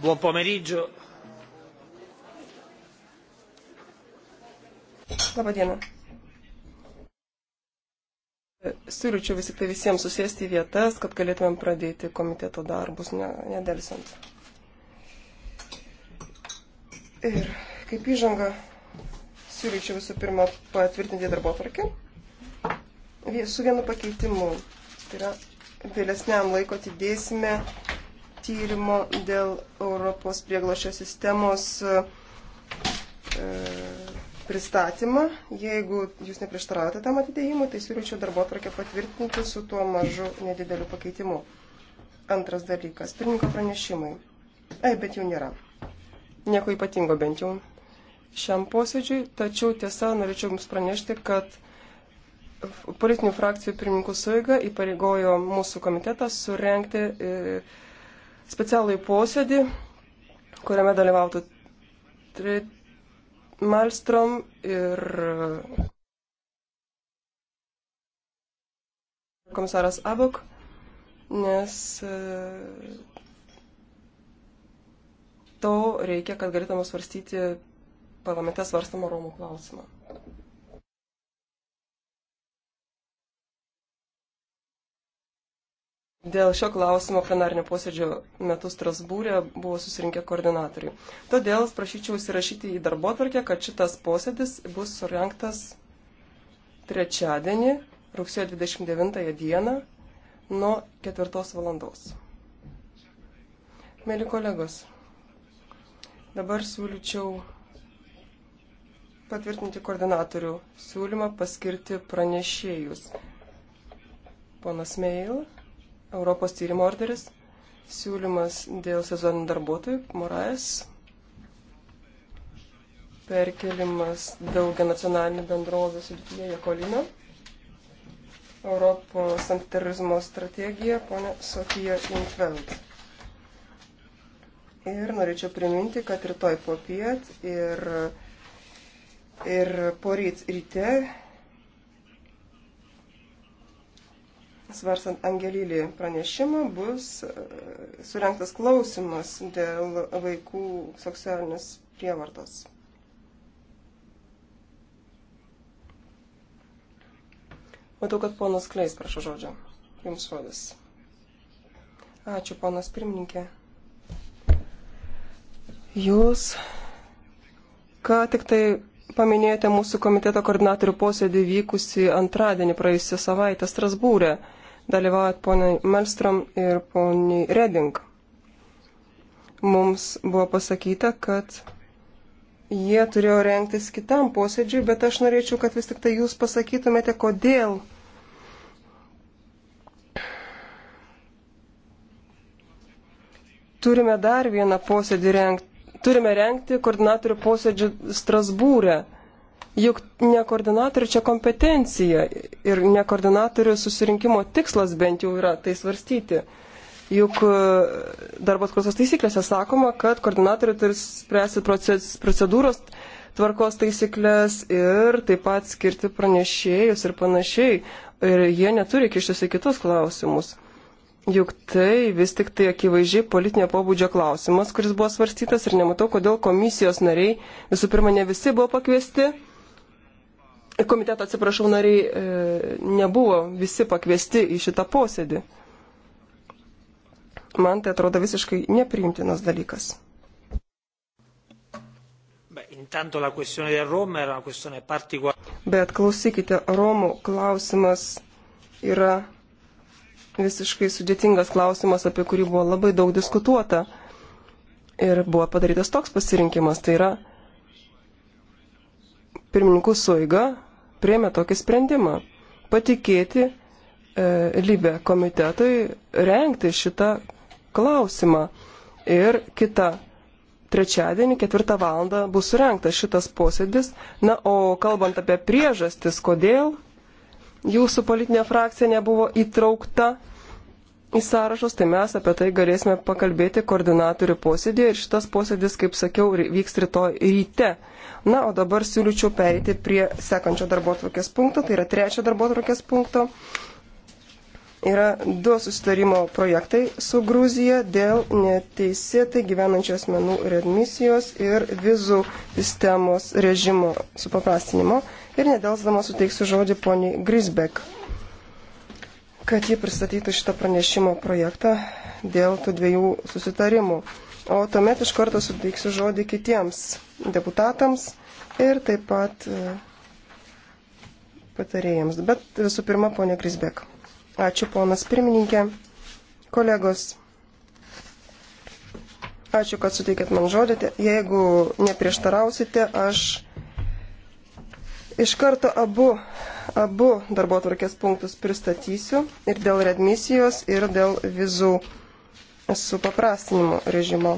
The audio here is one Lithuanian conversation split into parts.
Buon pomeriggio. Labą dieną. Siūlyčiau vis tik tai visiems susėsti į vietas, kad galėtumėm pradėti komiteto darbus nedelsiant. Ir kaip įžanga, siūlyčiau visų pirma patvirtinti darbo tvarkę su vienu pakeitimu. Tai yra vėlesniam laiko atidėsime tyrimo dėl Europos prieglošio sistemos e, pristatymą. Jeigu jūs neprieštaraujate tam atidėjimui, tai siūlyčiau darbo atvarkę patvirtinti su tuo mažu nedideliu pakeitimu. Antras dalykas - pirmininko pranešimai. Ei, bet jų nėra. Nieko ypatingo bent jau šiam posėdžiui, tačiau tiesa, norėčiau Jums pranešti, kad politinių frakcijų pirmininkų suiga įpareigojo mūsų komitetą surenkti e, specialų posėdį, kuriame dalyvautų tri... Malstrom ir komisaras Abok, nes e, to reikia, kad galėtume svarstyti parlamente svarstamą Romų klausimą. Dėl šio klausimo plenarinio posėdžio metu Strasbūrė buvo susirinkę koordinatoriai. Todėl prašyčiau įsirašyti į darbo tvarkę, kad šitas posėdis bus surinktas trečiadienį, rugsėjo 29 dieną, nuo 4 valandos. Mėly kolegos, dabar siūlyčiau patvirtinti koordinatorių siūlymą paskirti pranešėjus. Ponas Meil Europos tyrimo orderis, siūlymas dėl sezoninių darbuotojų, Morais, perkelimas daugia nacionalinių bendrovių sudėtyje Jekolino, Europos antiterorizmo strategija, ponė Sofija Intveld. Ir norėčiau priminti, kad rytoj popiet ir, ir poryt ryte svarstant Angelylį pranešimą, bus e, surinktas klausimas dėl vaikų seksualinės prievartos. Matau, kad ponas Kleis, prašau žodžio. Jums žodis. Ačiū, ponas pirmininkė. Jūs ką tik tai paminėjote mūsų komiteto koordinatorių posėdį vykusi antradienį praėjusią savaitę Strasbūrę. E dalyvaujat poniai Melstrom ir poniai Reding. Mums buvo pasakyta, kad jie turėjo renktis kitam posėdžiui, bet aš norėčiau, kad vis tik tai jūs pasakytumėte, kodėl. Turime dar vieną posėdį rengti. Turime rengti koordinatorių posėdžių Strasbūrę. E Juk ne koordinatorių čia kompetencija ir ne koordinatorių susirinkimo tikslas bent jau yra tai svarstyti. Juk e, darbo atkursos taisyklėse sakoma, kad koordinatoriai turi spręsti proces, procedūros tvarkos taisyklės ir taip pat skirti pranešėjus ir panašiai. Ir jie neturi kištis į kitus klausimus. Juk tai vis tik tai akivaizdžiai politinio pobūdžio klausimas, kuris buvo svarstytas ir nematau, kodėl komisijos nariai, visų pirma, ne visi buvo pakviesti komiteto, atsiprašau, nariai e, nebuvo visi pakviesti į šitą posėdį. Man tai atrodo visiškai nepriimtinas dalykas. Bet klausykite, Romų klausimas yra visiškai sudėtingas klausimas, apie kurį buvo labai daug diskutuota. Ir buvo padarytas toks pasirinkimas, tai yra pirmininkų suiga priemė tokį sprendimą - patikėti e, Libė komitetui renkti šitą klausimą. Ir kita trečiadienį, ketvirtą valandą bus surinktas šitas posėdis. Na, o kalbant apie priežastis, kodėl jūsų politinė frakcija nebuvo įtraukta į sąrašus, tai mes apie tai galėsime pakalbėti koordinatorių posėdėje ir šitas posėdis, kaip sakiau, vyks rytoj ryte. Na, o dabar siūlyčiau pereiti prie sekančio darbo atvarkės punkto, tai yra trečio darbo atvarkės punkto. Yra du susitarimo projektai su Gruzija dėl neteisėtai gyvenančių asmenų readmisijos ir vizų sistemos režimo supaprastinimo. Ir nedelsdama suteiksiu žodį poniai Grisbek kad ji pristatytų šitą pranešimo projektą dėl tų dviejų susitarimų. O tuomet iš karto suteiksiu žodį kitiems deputatams ir taip pat e, patarėjams. Bet visų pirma, ponė Krisbek. Ačiū, ponas pirmininkė. Kolegos, ačiū, kad suteikėt man žodį. Jeigu neprieštarausite, aš iš karto abu Abu darbo tvarkės punktus pristatysiu ir dėl redmisijos, ir dėl vizų supaprastinimo režimo.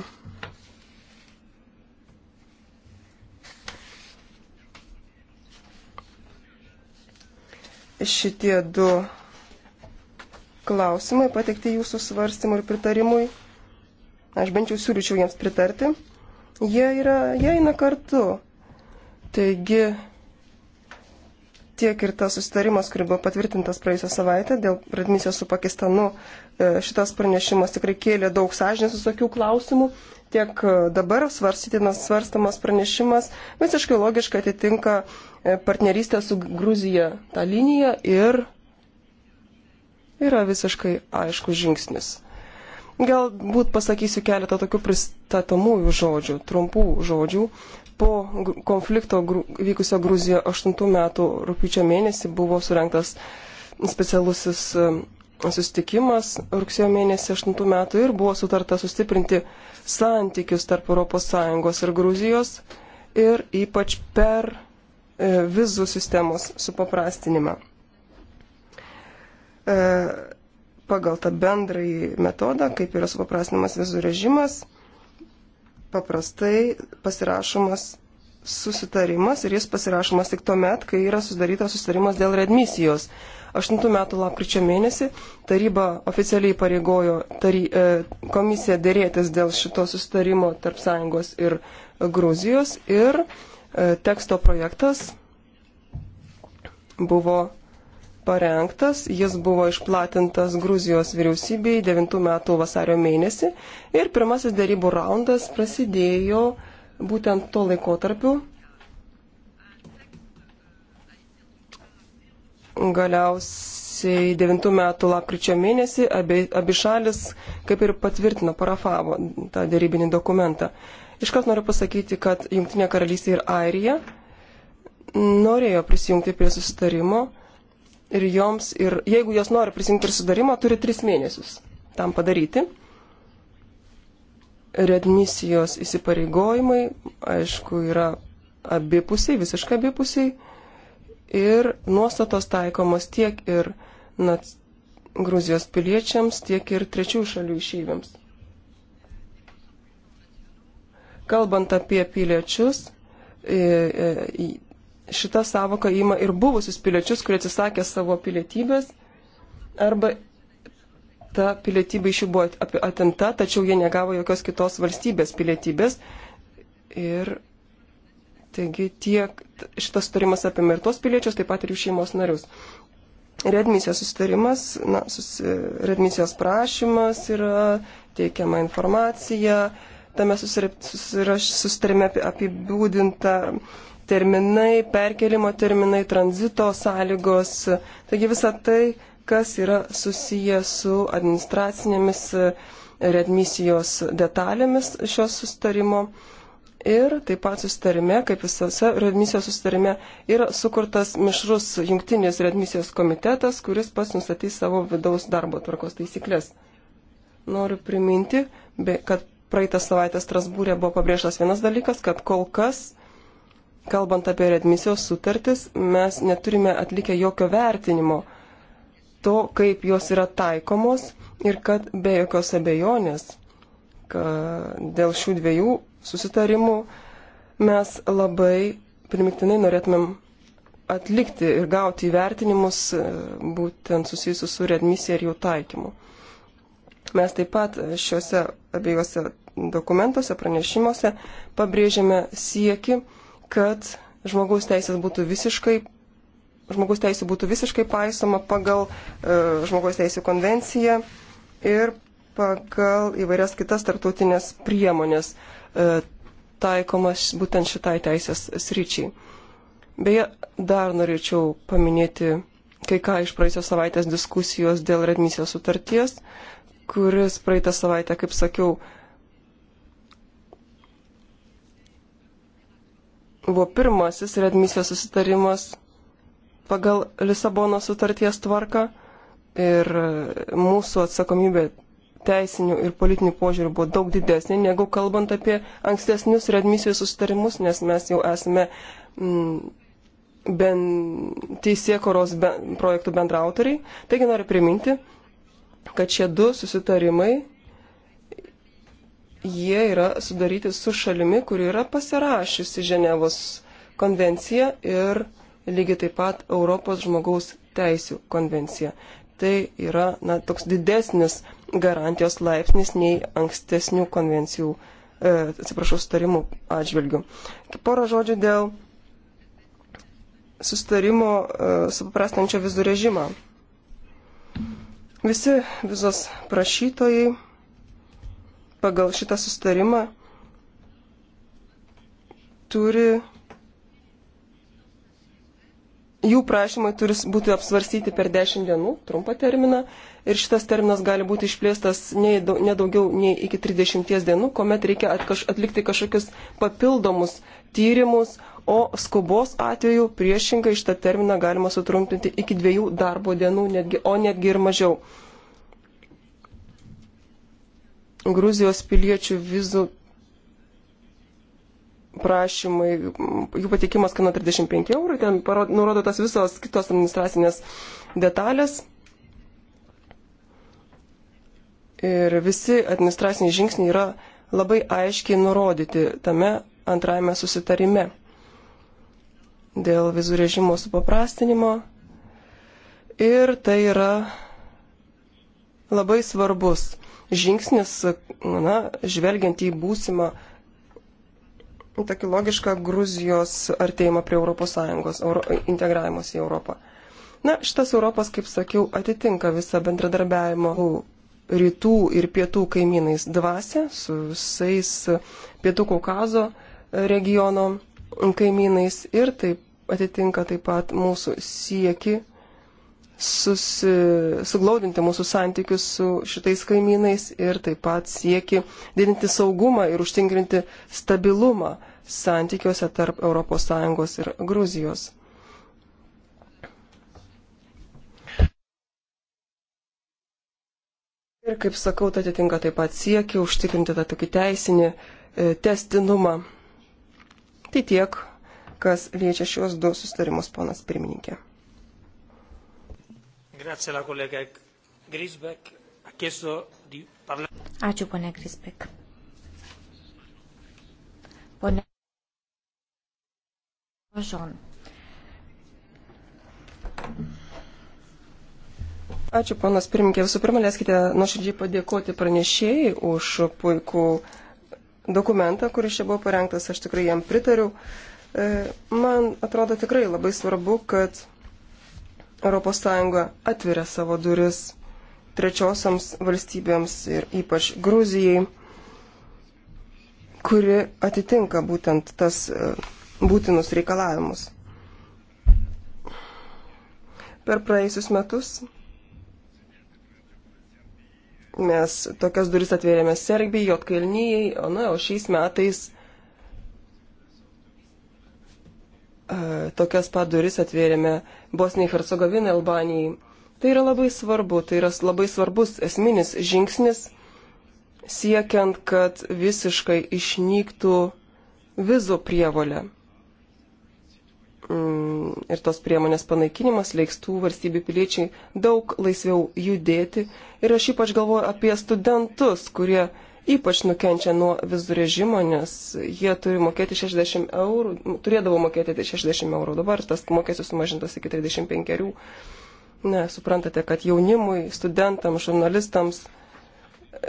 Šitie du klausimai pateikti jūsų svarstymui ir pritarimui. Aš bent jau siūlyčiau jiems pritarti. Jie, yra, jie eina kartu. Taigi tiek ir tas susitarimas, kuri buvo patvirtintas praėjusią savaitę dėl radmisijos su Pakistanu, e, šitas pranešimas tikrai kėlė daug sąžinės visokių klausimų. Tiek e, dabar svarstytinas svarstamas pranešimas visiškai logiškai atitinka e, partnerystę su Gruzija tą liniją ir yra visiškai aiškus žingsnis. Galbūt pasakysiu keletą tokių pristatomųjų žodžių, trumpų žodžių. Po konflikto vykusio Gruzijoje 8 metų rūpiučio mėnesį buvo surinktas specialusis um, susitikimas rugsėjo mėnesį 8 metų ir buvo sutarta sustiprinti santykius tarp ES ir Gruzijos ir ypač per e, vizų sistemos supaprastinimą. E, pagal tą bendrąjį metodą, kaip yra supaprastinamas vizų režimas, paprastai pasirašomas susitarimas ir jis pasirašomas tik tuo met, kai yra sudarytas susitarimas dėl redmisijos. 8 metų lapkričio mėnesį taryba oficialiai pareigojo tary, e, komisiją dėrėtis dėl šito susitarimo tarp sąjungos ir Gruzijos ir e, teksto projektas buvo parengtas, jis buvo išplatintas Gruzijos vyriausybei 9 metų vasario mėnesį ir pirmasis darybų raundas prasidėjo būtent tuo laikotarpiu. Galiausiai 9 metų lapkričio mėnesį abi, abi šalis kaip ir patvirtino, parafavo tą darybinį dokumentą. Iškart noriu pasakyti, kad Junktinė karalystė ir Airija norėjo prisijungti prie susitarimo ir joms, ir jeigu jos nori prisijungti ir sudarimą, turi tris mėnesius tam padaryti. Redmisijos įsipareigojimai, aišku, yra abipusiai, visiškai abipusiai. Ir nuostatos taikomos tiek ir na, Gruzijos piliečiams, tiek ir trečių šalių išyviams. Kalbant apie piliečius, e, e, šita savoka įima ir buvusius piliečius, kurie atsisakė savo pilietybės, arba ta pilietybė iš jų buvo atimta, tačiau jie negavo jokios kitos valstybės pilietybės. Ir taigi tiek šitas sutarimas apima ir tos piliečius, taip pat ir jų šeimos narius. Redmisijos sustarimas, na, susi, redmisijos prašymas yra teikiama informacija, tame susirime apibūdinta. Apie terminai, perkelimo terminai, tranzito sąlygos, taigi visa tai, kas yra susiję su administracinėmis e, redmisijos detalėmis šios sustarimo. Ir taip pat sustarime, kaip visose redmisijos sustarime, yra sukurtas mišrus jungtinis redmisijos komitetas, kuris pats nustatys savo vidaus darbo tvarkos taisyklės. Noriu priminti, kad praeitą savaitę Strasbūrė buvo pabrėžtas vienas dalykas, kad kol kas kalbant apie redmisijos sutartis, mes neturime atlikę jokio vertinimo to, kaip jos yra taikomos ir kad be jokios abejonės dėl šių dviejų susitarimų mes labai primiktinai norėtumėm atlikti ir gauti įvertinimus e, būtent susijusius su redmisija ir jų taikymu. Mes taip pat šiuose abiejose dokumentuose, pranešimuose pabrėžiame sieki kad žmogaus teisės būtų visiškai žmogaus teisų būtų visiškai paisoma pagal uh, žmogaus teisų konvenciją ir pagal įvairias kitas tartutinės priemonės uh, taikomas būtent šitai teisės sryčiai. Beje, dar norėčiau paminėti kai ką iš praėjusios savaitės diskusijos dėl redmisijos sutarties, kuris praeitą savaitę, kaip sakiau, uh, buvo pirmasis readmisijos susitarimas pagal Lisabono sutarties tvarką ir mūsų atsakomybė teisinių ir politinių požiūrių buvo daug didesnė negu kalbant apie ankstesnius readmisijos susitarimus, nes mes jau esame mm, ben, teisėkoros ben, projektų bendrautoriai. Taigi noriu priminti, kad šie du susitarimai jie yra sudaryti su šalimi, kuri yra pasirašiusi Ženevos konvenciją ir lygiai taip pat Europos žmogaus teisų konvenciją. Tai yra na, toks didesnis garantijos laipsnis nei ankstesnių konvencijų, e, atsiprašau, sustarimų atžvilgių. Porą žodžių dėl sustarimo e, supaprastančio vizų režimą. Visi vizos prašytojai pagal šitą sustarimą turi, jų prašymai turi būti apsvarstyti per 10 dienų, trumpą terminą, ir šitas terminas gali būti išplėstas nedaugiau nei iki 30 dienų, kuomet reikia atlikti kažkokius papildomus tyrimus, o skubos atveju priešingai šitą terminą galima sutrumpinti iki dviejų darbo dienų, netgi, o netgi ir mažiau. Gruzijos piliečių vizų prašymai, jų patikimas kaina 35 eurų, ten parod, nurodo tas visos kitos administracinės detalės. Ir visi administraciniai žingsniai yra labai aiškiai nurodyti tame antrajame susitarime dėl vizų režimo supaprastinimo. Ir tai yra labai svarbus žingsnis, na, žvelgiant į būsimą tokį logišką Gruzijos artėjimą prie ES, Euro, integravimas į Europą. Na, šitas Europas, kaip sakiau, atitinka visą bendradarbiavimo rytų ir pietų kaimynais dvasę, su visais pietų Kaukazo regiono kaimynais ir taip atitinka taip pat mūsų sieki susi, suglaudinti mūsų santykius su šitais kaimynais ir taip pat sieki didinti saugumą ir užtinkrinti stabilumą santykiuose tarp ES ir Gruzijos. Ir kaip sakau, tai atitinka taip pat sieki užtikrinti tą tokį teisinį e, testinumą. Tai tiek, kas liečia šios du sustarimus, ponas pirmininkė. Grazie la kolega Grisbeck. Ha chiesto di parlare. Ačiū, ponia Grisbeck. Ponia Žon. Ačiū, ponas pirmininkė. Visų pirma, leiskite nuoširdžiai padėkoti pranešėjai už puikų dokumentą, kuris čia buvo parengtas. Aš tikrai jam pritariu. E, man atrodo tikrai labai svarbu, kad ES atveria savo duris trečiosiams valstybėms ir ypač Gruzijai, kuri atitinka būtent tas e, būtinus reikalavimus. Per praėjusius metus mes tokias duris atvėrėme Serbijai, Jotkalnyjei, o na, nu, o šiais metais tokias pat duris atvėrėme Bosniai, Hercegovinai, Albanijai. Tai yra labai svarbu, tai yra labai svarbus esminis žingsnis siekiant, kad visiškai išnyktų vizų prievolė. Mm, ir tos priemonės panaikinimas leikstų valstybių piliečiai daug laisviau judėti. Ir aš ypač galvoju apie studentus, kurie ypač nukenčia nuo vizų režimo, nes jie turi mokėti 60 eurų, turėdavo mokėti 60 tai eurų, dabar tas mokestis sumažintas iki 35. Eurų. Ne, suprantate, kad jaunimui, studentams, žurnalistams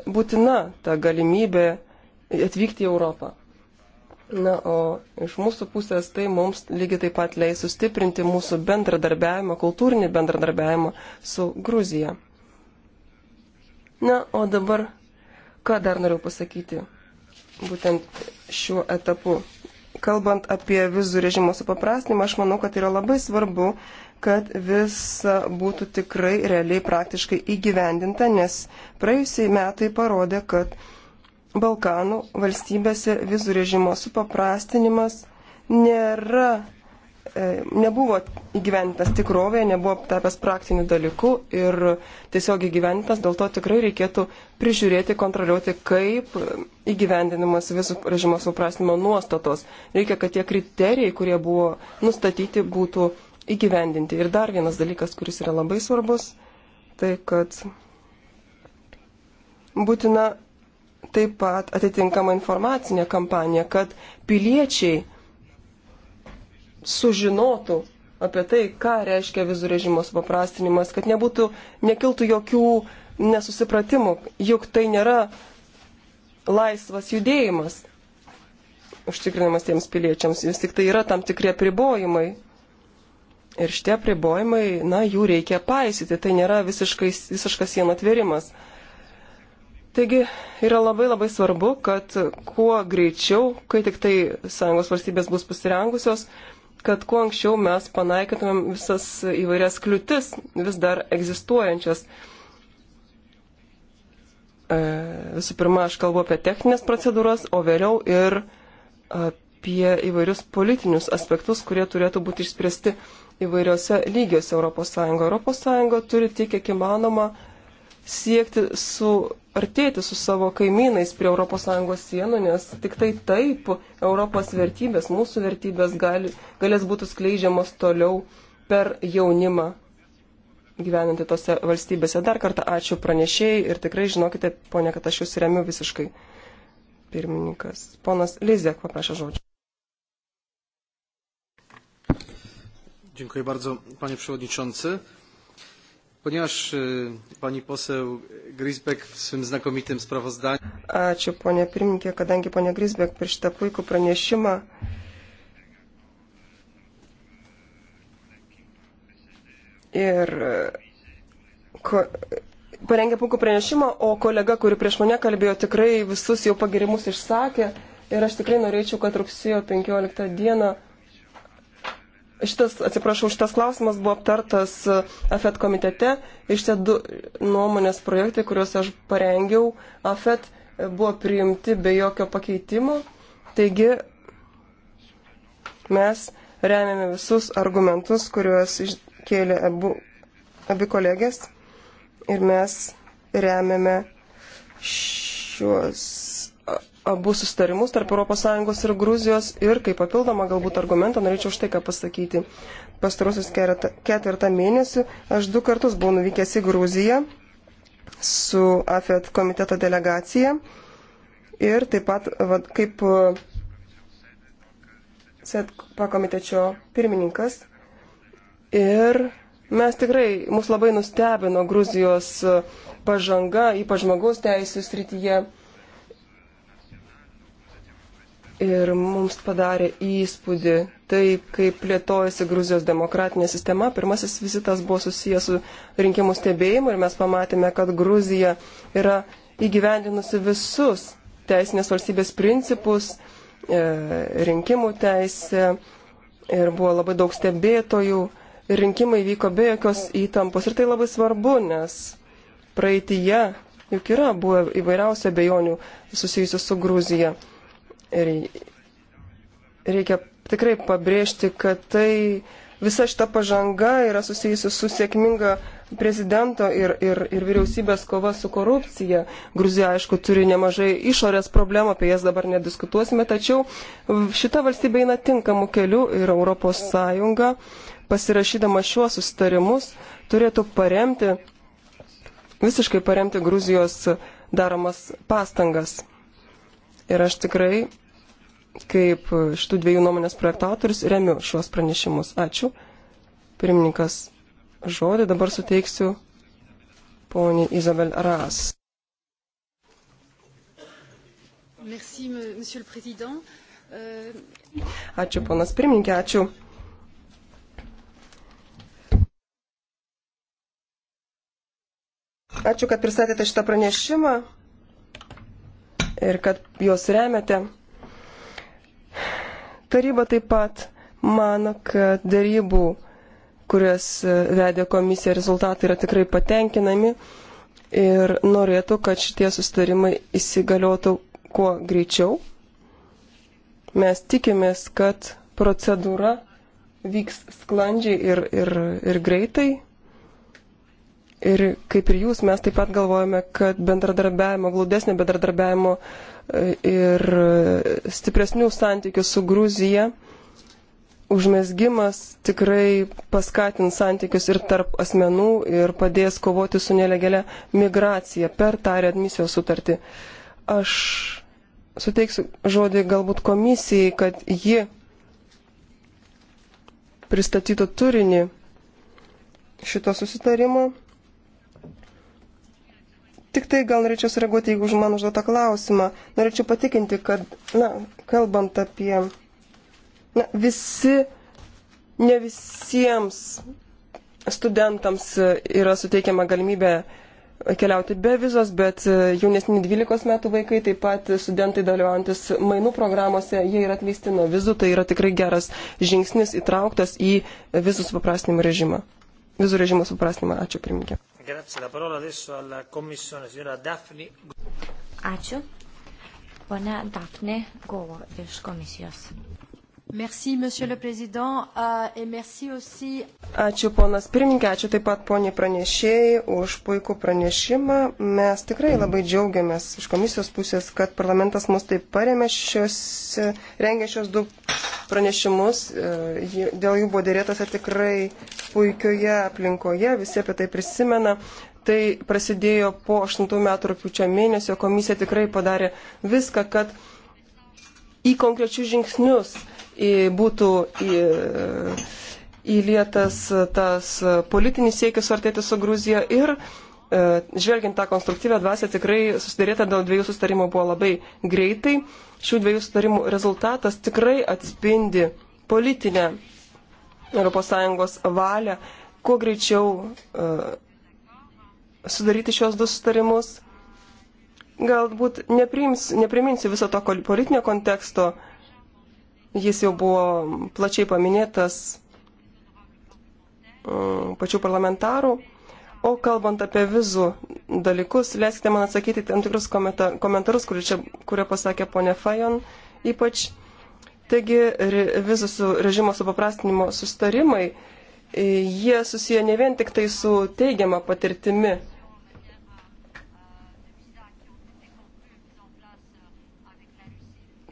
būtina ta galimybė atvykti į Europą. Na, o iš mūsų pusės tai mums lygiai taip pat leis sustiprinti mūsų bendradarbiavimą, kultūrinį bendradarbiavimą su Gruzija. Na, o dabar ką dar noriu pasakyti būtent šiuo etapu. Kalbant apie vizų režimo supaprastinimą, aš manau, kad yra labai svarbu, kad visa būtų tikrai realiai praktiškai įgyvendinta, nes praėjusiai metai parodė, kad Balkanų valstybėse vizų režimo supaprastinimas nėra E, nebuvo įgyventas tikrovėje, nebuvo tapęs praktinių dalykų ir tiesiog įgyventas, dėl to tikrai reikėtų prižiūrėti, kontroliuoti, kaip įgyvendinimas visų režimo suprasnimo nuostatos. Reikia, kad tie kriterijai, kurie buvo nustatyti, būtų įgyvendinti. Ir dar vienas dalykas, kuris yra labai svarbus, tai kad būtina taip pat atitinkama informacinė kampanija, kad piliečiai sužinotų apie tai, ką reiškia vizų režimo supaprastinimas, kad nebūtų, nekiltų jokių nesusipratimų, juk tai nėra laisvas judėjimas užtikrinamas tiems piliečiams, vis tik tai yra tam tikrie pribojimai. Ir šitie pribojimai, na, jų reikia paisyti, tai nėra visiškai, visiškas sienų atverimas. Taigi yra labai labai svarbu, kad kuo greičiau, kai tik tai sąjungos valstybės bus pasirengusios, kad kuo anksčiau mes panaikintumėm visas įvairias kliūtis, vis dar egzistuojančias. E, visų pirma, aš kalbu apie techninės procedūras, o vėliau ir apie įvairius politinius aspektus, kurie turėtų būti išspręsti įvairiose lygiuose ES. ES turi tiek, kiek įmanoma siekti su artėti su savo kaimynais prie ES sienų, nes tik tai taip Europos vertybės, mūsų vertybės gali, galės būti skleidžiamos toliau per jaunimą gyvenantį tose valstybėse. Dar kartą ačiū pranešėjai ir tikrai žinokite, ponė, kad aš jūs remiu visiškai. Pirmininkas. Ponas Lizek paprašė žodžio. Dziękuję bardzo, panie przewodniczący. Ponieważ e, pani poseł Grisbeck w swym znakomitym sprawozdaniu. Ačiū, ponė pirmininkė, kadangi ponė Grisbeck per šitą puikų pranešimą. Ir e, ko, parengė puikų pranešimą, o kolega, kuri prieš mane kalbėjo, tikrai visus jau pagirimus išsakė. Ir aš tikrai norėčiau, kad rugsėjo 15 dieną Šitas, atsiprašau, šitas klausimas buvo aptartas e, AFET komitete. Iš čia du nuomonės projektai, kuriuos aš parengiau, AFET e, buvo priimti be jokio pakeitimo. Taigi mes remiame visus argumentus, kuriuos iškėlė abu, abi kolegės. Ir mes remiame šiuos abu sustarimus tarp ES ir Gruzijos ir kaip papildomą galbūt argumentą norėčiau štai ką pasakyti. Pastarosius ketvirtą mėnesį aš du kartus buvau nuvykęs į Gruziją su AFET komiteto delegacija ir taip pat va, kaip SET uh, pakomitečio pirmininkas. Ir mes tikrai, mus labai nustebino Gruzijos uh, pažanga, ypač žmogaus teisų srityje. Ir mums padarė įspūdį taip, kaip plėtojasi Gruzijos demokratinė sistema. Pirmasis vizitas buvo susijęs su rinkimų stebėjimu ir mes pamatėme, kad Gruzija yra įgyvendinusi visus teisinės valstybės principus, e, rinkimų teisę ir buvo labai daug stebėtojų. Rinkimai vyko be jokios įtampos ir tai labai svarbu, nes praeitįje juk yra buvę įvairiausių abejonių susijusių su Gruzija. Ir reikia tikrai pabrėžti, kad tai visa šita pažanga yra susijusi su sėkminga prezidento ir, ir, ir vyriausybės kova su korupcija. Gruzija, aišku, turi nemažai išorės problemų, apie jas dabar nediskutuosime, tačiau šita valstybė eina tinkamu keliu ir ES pasirašydama šiuos sustarimus turėtų paremti, visiškai paremti Gruzijos daromas pastangas. Ir aš tikrai, kaip šitų dviejų nuomonės projektatorius, remiu šiuos pranešimus. Ačiū. Pirmininkas žodį dabar suteiksiu poniai Izabel Ras. Merci, monsieur le président. Euh, ačiū, ponas pirmininkė, ačiū. Ačiū, kad pristatėte šitą pranešimą ir kad juos remiate. Taryba taip pat mano, kad darybų, kurias e, vedė komisija, rezultatai yra tikrai patenkinami ir norėtų, kad šitie sustarimai įsigaliotų kuo greičiau. Mes tikimės, kad procedūra vyks sklandžiai ir, ir, ir greitai, Ir kaip ir jūs, mes taip pat galvojame, kad bendradarbiavimo, glaudesnio bendradarbiavimo e, ir e, stipresnių santykių su Gruzija užmesgimas tikrai paskatins santykius ir tarp asmenų ir padės kovoti su nelegalia migracija per tą readmisijos sutartį. Aš suteiksiu žodį galbūt komisijai, kad ji pristatytų turinį šito susitarimo Tik tai gal norėčiau sureaguoti, jeigu už man užduotą klausimą. Norėčiau patikinti, kad, na, kalbant apie, na, visi, ne visiems studentams yra suteikiama galimybė keliauti be vizos, bet jaunesni 12 metų vaikai, taip pat studentai dalyvaujantis mainų programuose, jie yra atleisti nuo vizų, tai yra tikrai geras žingsnis įtrauktas į vizų supaprastinimo režimą vizų režimo suprasnimą. Ačiū, pirmininkė. Ačiū. Pone Dafne Govo iš komisijos. Merci, monsieur le président, euh, et merci aussi. Ačiū ponas pirmininkė, ačiū taip pat poniai pranešėjai už puikų pranešimą. Mes tikrai labai džiaugiamės iš komisijos pusės, kad parlamentas mus taip paremė šios, rengė šios du pranešimus. E, dėl jų buvo dėrėtasi tikrai puikioje aplinkoje, visi apie tai prisimena. Tai prasidėjo po 8 metų rūpiučio mėnesio, komisija tikrai padarė viską, kad į konkrečius žingsnius būtų įlietas tas politinis siekis suartėti su Gruzija ir e, žvelgiant tą konstruktyvę dvasę, tikrai susidarėta dėl dviejų sustarimų buvo labai greitai. Šių dviejų sustarimų rezultatas tikrai atspindi politinę ES valią, kuo greičiau uh, sudaryti šios du sustarimus. Galbūt neprims, nepriminsiu viso to politinio konteksto, Jis jau buvo plačiai paminėtas e, pačių parlamentarų. O kalbant apie vizų dalykus, leiskite man atsakyti tam tikrus komentarus, kurie čia, kurie pasakė ponė Fajon, ypač. Taigi, vizų su režimo supaprastinimo sustarimai, e, jie susiję ne vien tik tai su teigiama patirtimi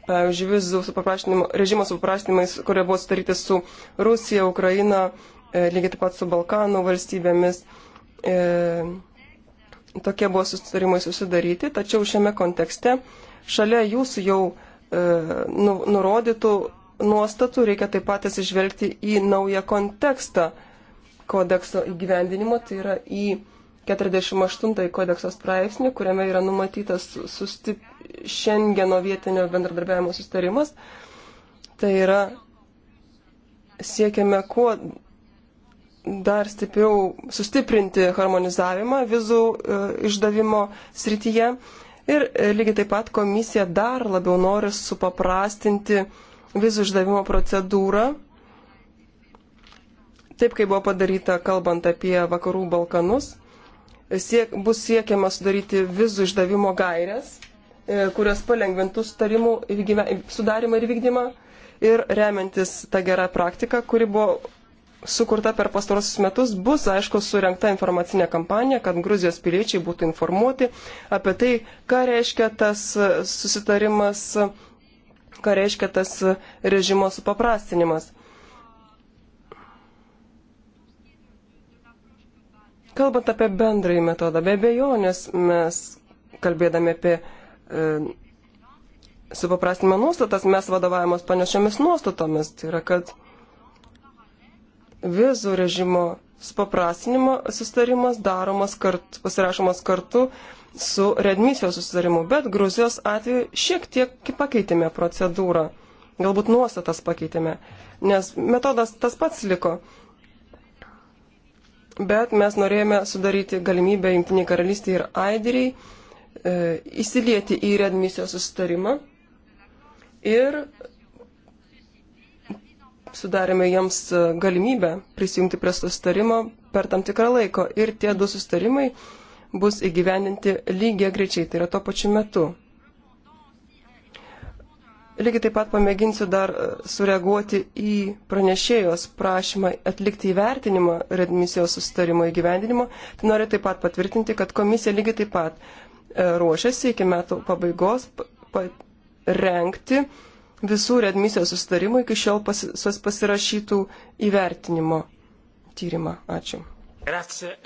pavyzdžiui, vizų supaprastinimo, režimo supaprastinimais, kurie buvo sudaryti su Rusija, Ukraina, e, lygiai taip pat su Balkanų valstybėmis. E, tokie buvo susitarimai susidaryti, tačiau šiame kontekste šalia jūsų jau e, nu, nurodytų nuostatų reikia taip pat atsižvelgti į naują kontekstą kodekso įgyvendinimo, tai yra į 48 kodekso straipsnį, kuriame yra numatytas sustip... Šengeno vietinio bendradarbiavimo sustarimas. Tai yra siekiame kuo dar stipriau sustiprinti harmonizavimą vizų e, išdavimo srityje. Ir e, lygiai taip pat komisija dar labiau nori supaprastinti vizų išdavimo procedūrą. Taip, kaip buvo padaryta kalbant apie vakarų Balkanus siek, bus siekiama sudaryti vizų išdavimo gairias, e, kurios palengvintų sutarimų sudarimą ir vykdymą ir remiantis tą gerą praktiką, kuri buvo sukurta per pastarosius metus, bus, aišku, surinkta informacinė kampanija, kad Gruzijos piliečiai būtų informuoti apie tai, ką reiškia tas e, susitarimas, ką reiškia tas režimo supaprastinimas. Kalbant apie bendrąjį metodą, be abejonės mes, kalbėdami apie e, supaprastinimo nuostatas, mes vadovavimas panašiomis nuostatomis. Tai yra, kad vizų režimo supaprastinimo sustarimas daromas kartu, pasirašomas kartu su redmisijos sustarimu, bet Gruzijos atveju šiek tiek pakeitėme procedūrą, galbūt nuostatas pakeitėme, nes metodas tas pats liko, bet mes norėjome sudaryti galimybę Junktiniai karalystiai ir Aidiriai e, įsilieti į readmisijos sustarimą ir sudarėme jiems e, galimybę prisijungti prie sustarimo per tam tikrą laiko ir tie du sustarimai bus įgyveninti lygiai grečiai, tai yra tuo pačiu metu. Lygiai taip pat pamėginsiu dar e, sureaguoti į pranešėjos prašymą atlikti įvertinimą redmisijos sustarimo įgyvendinimo. Tai noriu taip pat patvirtinti, kad komisija lygiai taip pat e, ruošiasi iki metų pabaigos rengti visų redmisijos sustarimų iki šiol pas, pasirašytų įvertinimo tyrimą. Ačiū. Grazie,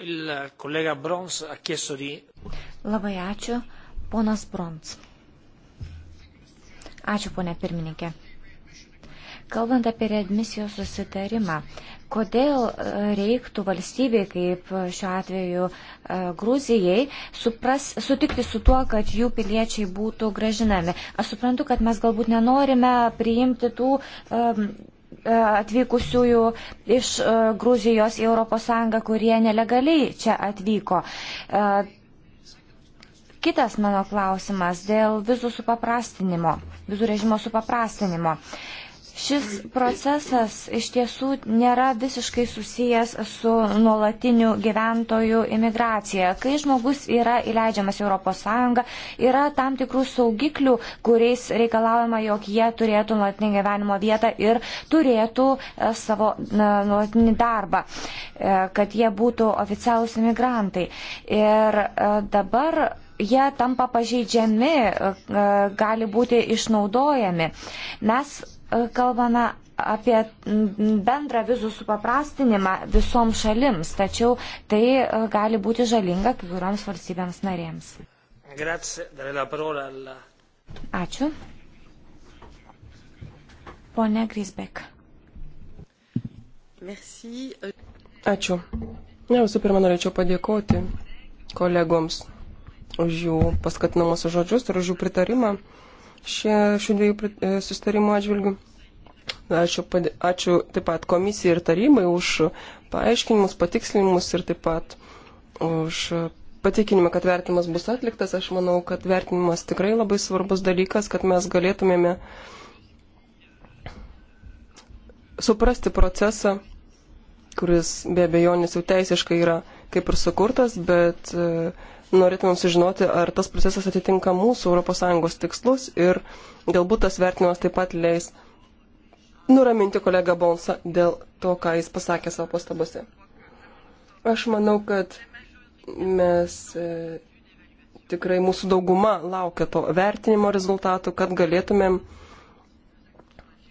Labai ačiū, ponas Brons. Ačiū, ponė pirmininkė. Kalbant apie readmisijos susitarimą, kodėl e, reiktų valstybei, kaip e, šiuo atveju e, Gruzijai, supras, sutikti su tuo, kad jų piliečiai būtų gražinami? Aš suprantu, kad mes galbūt nenorime priimti tų. Um, atvykusiųjų iš Gruzijos į ES, kurie nelegaliai čia atvyko. Kitas mano klausimas dėl vizų supaprastinimo, vizų režimo supaprastinimo. Šis procesas iš tiesų nėra visiškai susijęs su nuolatiniu gyventojų imigracija. Kai žmogus yra įleidžiamas į ES, yra tam tikrų saugiklių, kuriais reikalaujama, jog jie turėtų nuolatinį gyvenimo vietą ir turėtų e, savo nuolatinį darbą, e, kad jie būtų oficialūs imigrantai. Ir e, dabar jie tampa pažeidžiami, e, gali būti išnaudojami. Mes e, kalbame apie bendrą vizų supaprastinimą visoms šalims, tačiau tai e, gali būti žalinga kai kurioms valstybėms narėms. Ačiū. Pone Grisbek. Ačiū. Ne, visų pirma, norėčiau padėkoti kolegoms už jų paskatinamusius žodžius ir už jų pritarimą šie, šių dviejų e, sustarimo atžvilgių. Ačiū, ačiū taip pat komisijai ir tarybai už paaiškinimus, patikslinimus ir taip pat už patikinimą, kad vertinimas bus atliktas. Aš manau, kad vertinimas tikrai labai svarbus dalykas, kad mes galėtumėme suprasti procesą, kuris be abejonės jau teisiškai yra kaip ir sukurtas, bet e, norėtumėm sužinoti, ar tas procesas atitinka mūsų ES tikslus ir galbūt tas vertinimas taip pat leis nuraminti kolegą Bonsą dėl to, ką jis pasakė savo pastabose. Aš manau, kad mes e, tikrai mūsų dauguma laukia to vertinimo rezultatų, kad galėtumėm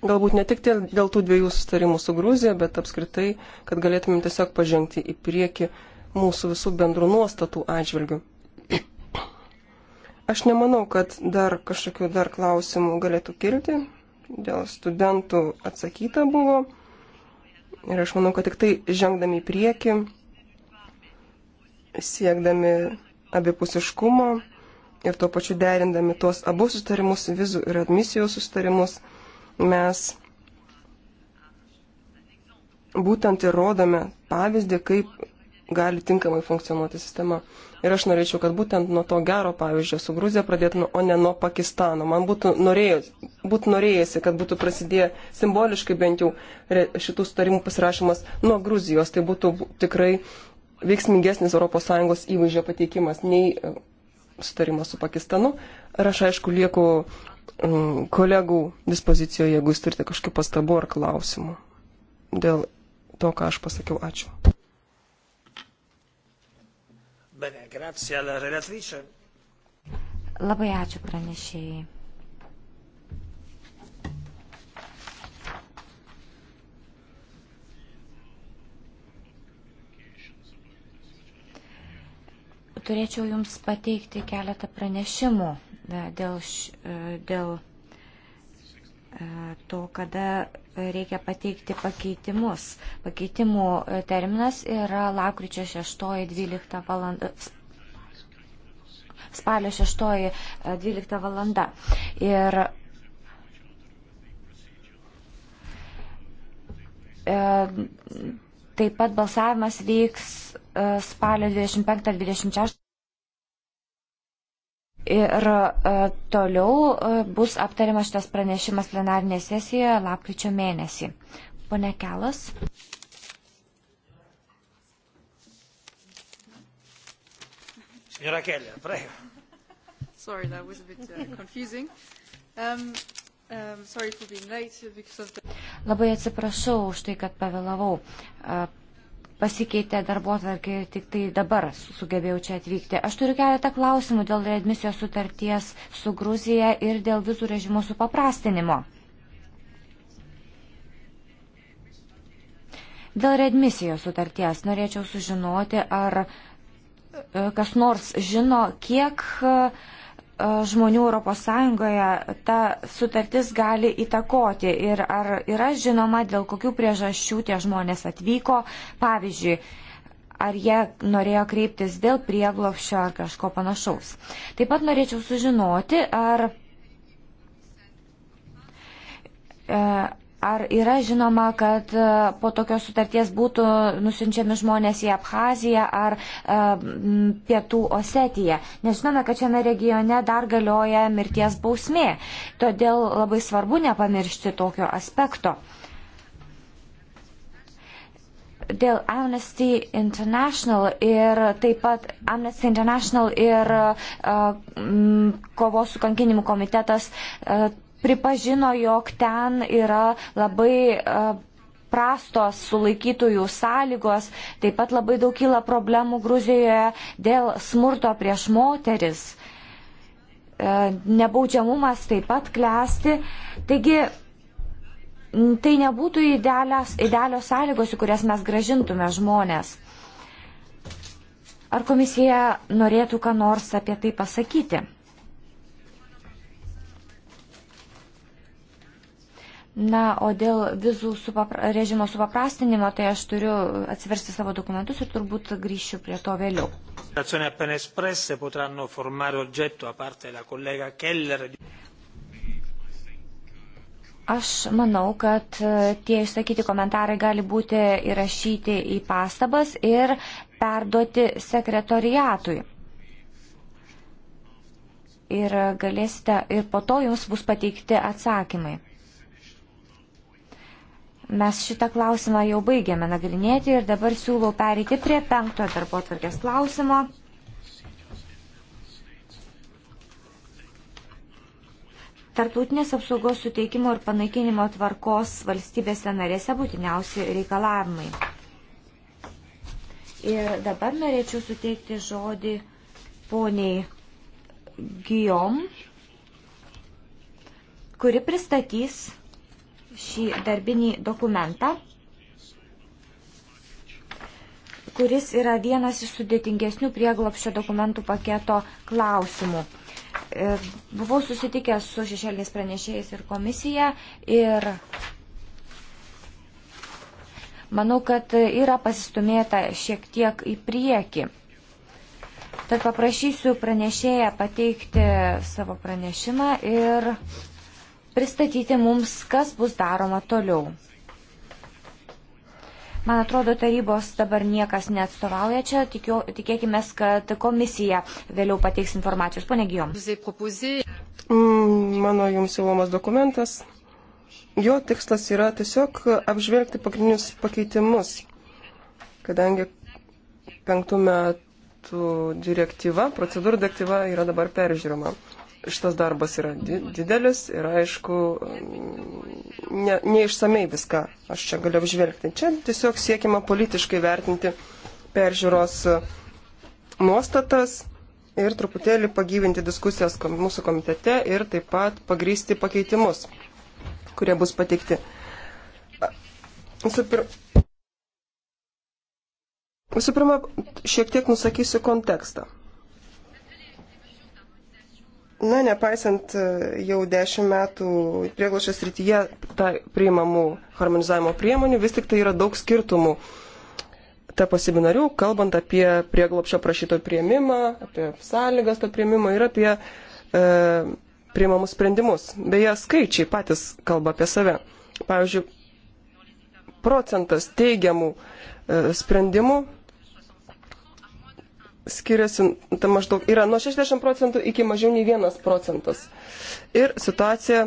galbūt ne tik dėl tų dviejų sustarimų su Gruzija, bet apskritai, kad galėtumėm tiesiog pažengti į priekį mūsų visų bendrų nuostatų atžvilgių. Aš nemanau, kad dar kažkokių dar klausimų galėtų kilti. Dėl studentų atsakyta buvo. Ir aš manau, kad tik tai žengdami į priekį, siekdami abipusiškumo ir tuo pačiu derindami tuos abu sustarimus, vizų ir admisijos sustarimus, mes būtent įrodome pavyzdį, kaip gali tinkamai funkcionuoti sistema. Ir aš norėčiau, kad būtent nuo to gero pavyzdžio su Gruzija pradėtume, o ne nuo Pakistano. Man būtų, norėjus, būtų norėjusi, kad būtų prasidėję simboliškai bent jau šitų sutarimų pasirašymas nuo Gruzijos. Tai būtų tikrai veiksmingesnis ES įvaizdžio pateikimas nei e, sutarimas su Pakistanu. Ir aš aišku lieku mm, kolegų dispozicijoje, jeigu jūs turite kažkokių pastabų ar klausimų dėl to, ką aš pasakiau. Ačiū. Bene, grazie alla relatrice. Labai ačiū pranešėjai. Turėčiau Jums pateikti keletą pranešimų e, dėl, e, dėl E, to, kada reikia pateikti pakeitimus. Pakeitimų terminas yra lakryčio 6.12 valanda. Spalio 6.12 e, valanda. Ir e, taip pat balsavimas vyks spalio 25-26. Ir e, toliau e, bus aptariamas šitas pranešimas plenarinė sesijoje lapkričio mėnesį. Pone Kelas. Senora Keller, prego. Sorry, that was a bit uh, confusing. Um, um, sorry for being late because of the... Labai atsiprašau už tai, kad pavėlavau. Uh, pasikeitė darbo atvarkė ir tik tai dabar sugebėjau čia atvykti. Aš turiu keletą klausimų dėl readmisijos sutarties su Gruzija ir dėl vizų režimo supaprastinimo. Dėl readmisijos sutarties norėčiau sužinoti, ar e, kas nors žino, kiek uh, žmonių ES ta sutartis gali įtakoti ir ar yra žinoma, dėl kokių priežasčių tie žmonės atvyko, pavyzdžiui, ar jie norėjo kreiptis dėl prieglopščio ar kažko panašaus. Taip pat norėčiau sužinoti, ar e, Ar yra žinoma, kad e, po tokios sutarties būtų nusinčiami žmonės į Abhaziją ar e, Pietų Osetiją? Nes žinome, kad šiame regione dar galioja mirties bausmė. Todėl labai svarbu nepamiršti tokio aspekto. Dėl Amnesty International ir taip pat Amnesty International ir uh, e, kovos su kankinimu komitetas uh, e, pripažino, jog ten yra labai e, prastos sulaikytųjų sąlygos, taip pat labai daug kyla problemų Gruzijoje dėl smurto prieš moteris. E, nebaudžiamumas taip pat klesti. Taigi, tai nebūtų idealios, idealios sąlygos, į kurias mes gražintume žmonės. Ar komisija norėtų ką nors apie tai pasakyti? Na, o dėl vizų supapra režimo supaprastinimo, tai aš turiu atsiversti savo dokumentus ir turbūt grįšiu prie to vėliau. Aš manau, kad e, tie išsakyti komentarai gali būti įrašyti į pastabas ir perduoti sekretoriatui ir galėsite, ir po to jums bus pateikti atsakymai. Mes šitą klausimą jau baigėme nagrinėti ir dabar siūlau pereiti prie penkto darbo atvarkės klausimo. Tartautinės apsaugos suteikimo ir panaikinimo tvarkos valstybėse narėse būtiniausi reikalavimai. Ir dabar norėčiau suteikti žodį poniai Gijom, kuri pristatys šį darbinį dokumentą, kuris yra vienas iš sudėtingesnių prieglopščio dokumentų paketo klausimų. E, buvau susitikęs su šešėlės pranešėjais ir komisija ir manau, kad yra pasistumėta šiek tiek į priekį. Tad paprašysiu pranešėją pateikti savo pranešimą ir pristatyti mums, kas bus daroma toliau. Man atrodo, tarybos dabar niekas neatstovauja čia. Tikiu, tikėkime, kad komisija vėliau pateiks informacijos. Pone Gijom. Mm, mano jums siūlomas dokumentas. Jo tikslas yra tiesiog apžvelgti pagrindinius pakeitimus, kadangi penktų metų direktyva, procedūrų direktyva yra dabar peržiūrima šitas darbas yra didelis ir aišku, ne, neišsamei viską aš čia galiu apžvelgti. Čia tiesiog siekima politiškai vertinti peržiūros nuostatas ir truputėlį pagyvinti diskusijas mūsų komitete ir taip pat pagrysti pakeitimus, kurie bus pateikti. Visų pir... pirma, šiek tiek nusakysiu kontekstą. Na, nepaisant e, jau dešimt metų prieglašio srityje tai priimamų harmonizavimo priemonių, vis tik tai yra daug skirtumų. Tarp seminarių, kalbant apie prieglopšio prašytojų prieimimą, apie sąlygas to prieimimo ir apie e, priimamus sprendimus. Beje, skaičiai patys kalba apie save. Pavyzdžiui, procentas teigiamų e, sprendimų skiriasi tai maždaug, yra nuo 60 procentų iki mažiau nei 1 procentas. Ir situacija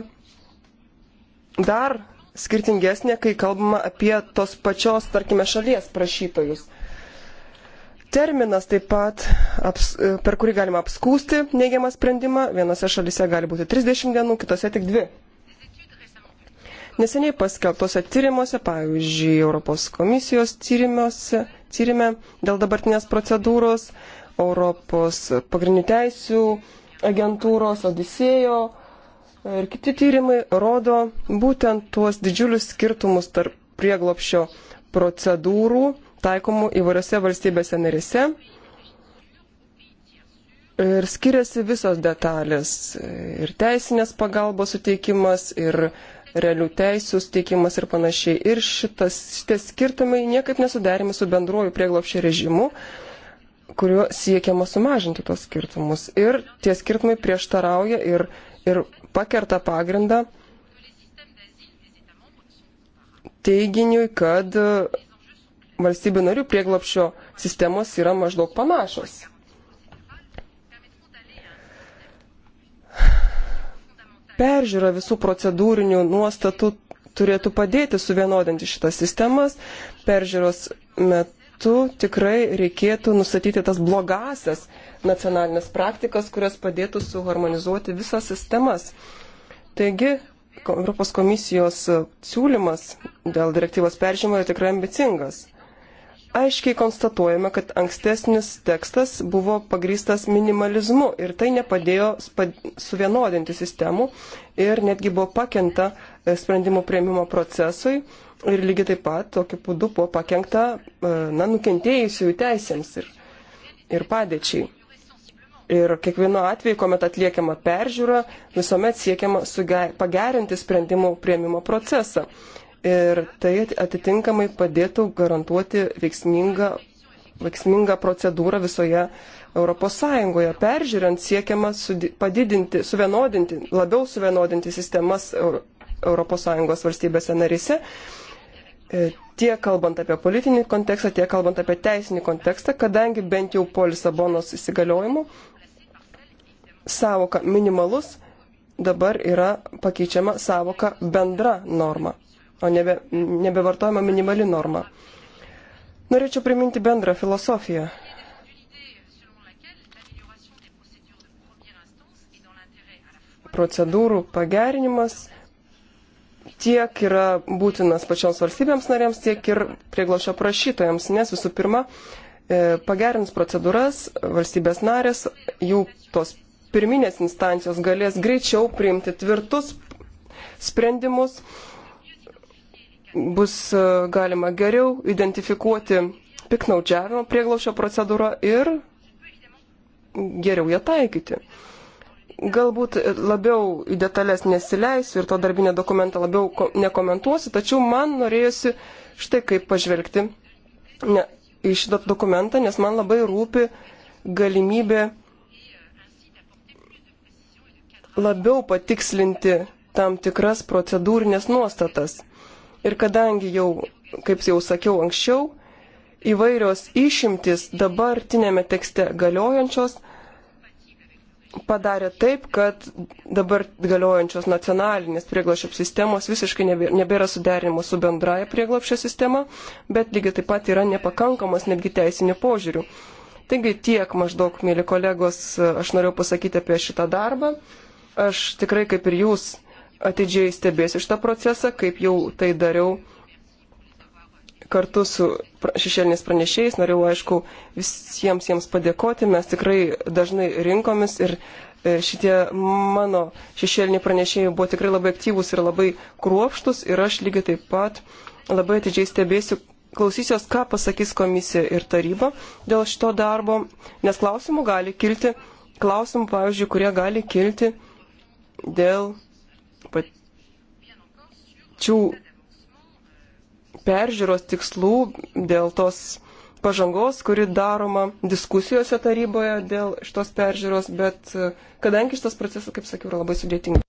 dar skirtingesnė, kai kalbama apie tos pačios, tarkime, šalies prašytojus. Terminas taip pat, aps, per kurį galima apskūsti neigiamą sprendimą, vienose šalise gali būti 30 dienų, kitose tik 2. Neseniai paskelbtose tyrimuose, pavyzdžiui, Europos komisijos tyrimuose, tyrimę dėl dabartinės procedūros, Europos pagrindinių teisių agentūros, Odisėjo ir kiti tyrimai rodo būtent tuos didžiulius skirtumus tarp prieglopšio procedūrų taikomų įvairiose valstybėse narėse. Ir skiriasi visos detalės - ir teisinės pagalbos suteikimas, ir realių teisų steikimas ir panašiai. Ir šitas, šitas skirtumai niekaip nesuderimi su bendruoju prieglopščio režimu, kuriuo siekiama sumažinti tos skirtumus. Ir tie skirtumai prieštarauja ir, ir pakerta pagrindą teiginiui, kad valstybių narių prieglopščio sistemos yra maždaug panašios. peržiūra visų procedūrinių nuostatų turėtų padėti suvienodinti šitas sistemas. Peržiūros metu tikrai reikėtų nustatyti tas blogasias nacionalinės praktikas, kurios padėtų suharmonizuoti visas sistemas. Taigi, Europos komisijos siūlymas dėl direktyvos peržymo yra tikrai ambicingas aiškiai konstatuojame, kad ankstesnis tekstas buvo pagrystas minimalizmu ir tai nepadėjo suvienodinti sistemų ir netgi buvo pakenta e, sprendimų prieimimo procesui ir lygiai taip pat tokiu būdu buvo pakengta e, na, nukentėjusiųjų teisėms ir, ir padėčiai. Ir kiekvieno atveju, kuomet atliekama peržiūra, visuomet siekiama pagerinti sprendimų prieimimo procesą ir tai atitinkamai padėtų garantuoti veiksmingą, veiksmingą procedūrą visoje Europos Sąjungoje. Peržiūrint siekiama padidinti, suvienodinti, labiau suvienodinti sistemas Europos Sąjungos valstybėse narise, e, tiek kalbant apie politinį kontekstą, tiek kalbant apie teisinį kontekstą, kadangi bent jau po Lisabonos įsigaliojimų savoka minimalus dabar yra pakeičiama savoka bendra norma o nebe, nebevartojama minimali norma. Norėčiau priminti bendrą filosofiją. Procedūrų pagerinimas tiek yra būtinas pačioms valstybėms narėms, tiek ir prieglošio prašytojams, nes visų pirma, e, pagerins procedūras valstybės narės, jų tos pirminės instancijos galės greičiau priimti tvirtus sprendimus bus e, galima geriau identifikuoti piknaudžiavimo prieglaušio procedūrą ir geriau ją taikyti. Galbūt labiau į detalės nesileisiu ir to darbinio dokumento labiau nekomentuosiu, tačiau man norėjusi štai kaip pažvelgti ne, į šitą dokumentą, nes man labai rūpi galimybė labiau patikslinti tam tikras procedūrinės nuostatas. Ir kadangi jau, kaip jau sakiau anksčiau, įvairios išimtis dabartinėme tekste galiojančios padarė taip, kad dabar galiojančios nacionalinės prieglopščio sistemos visiškai nebėra suderinimo su bendraja prieglopščio sistema, bet lygiai taip pat yra nepakankamas netgi teisinių požiūrių. Taigi tiek maždaug, mėly kolegos, aš noriu pasakyti apie šitą darbą. Aš tikrai kaip ir jūs atidžiai stebėsiu šitą procesą, kaip jau tai dariau kartu su šešėliniais pranešėjais. Norėjau, aišku, visiems jiems padėkoti. Mes tikrai dažnai rinkomis ir e, šitie mano šešėliniai pranešėjai buvo tikrai labai aktyvūs ir labai kruopštus ir aš lygiai taip pat labai atidžiai stebėsiu, klausysiuos, ką pasakys komisija ir taryba dėl šito darbo, nes klausimų gali kilti, klausimų, pavyzdžiui, kurie gali kilti dėl pačių peržiūros tikslų, dėl tos pažangos, kuri daroma diskusijose taryboje dėl šitos peržiūros, bet e, kadangi šitas procesas, kaip sakiau, yra labai sudėtingas.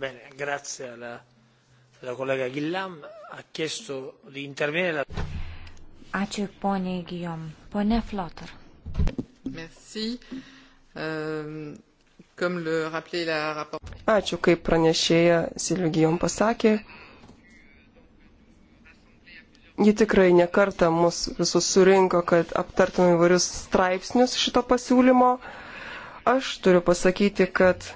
Bene, grazie alla, alla collega Gillam. Ha chiesto di intervenire. La... Ačiū poniai Gijom. Pone Flotar. Merci. Um, Ačiū, kaip pranešėja Silvigijom pasakė. Ji tikrai nekarta mus visus surinko, kad aptartume įvairius straipsnius šito pasiūlymo. Aš turiu pasakyti, kad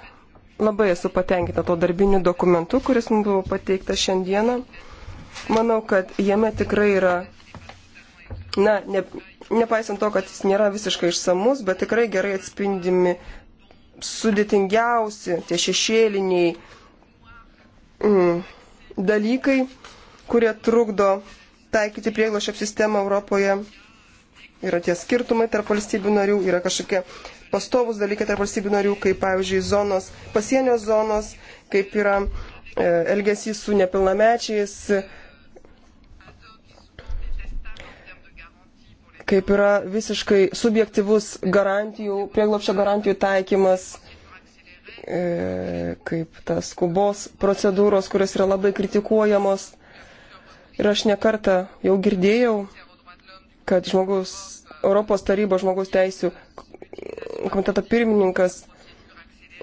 labai esu patenkinta to darbiniu dokumentu, kuris mums buvo pateiktas šiandieną. Manau, kad jame tikrai yra, na, ne, nepaisant to, kad jis nėra visiškai išsamus, bet tikrai gerai atspindimi sudėtingiausi, tie šešėliniai mm, dalykai, kurie trukdo taikyti prieglošio sistemą Europoje. Yra tie skirtumai tarp valstybių narių, yra kažkokie pastovus dalykai tarp valstybių narių, kaip pavyzdžiui zonos, pasienio zonos, kaip yra e, elgesys su nepilnamečiais, kaip yra visiškai subjektivus garantijų, prieglopščio garantijų taikymas, e, kaip tas skubos procedūros, kurios yra labai kritikuojamos. Ir aš nekartą jau girdėjau, kad žmogus, Europos tarybos žmogaus teisų komiteto pirmininkas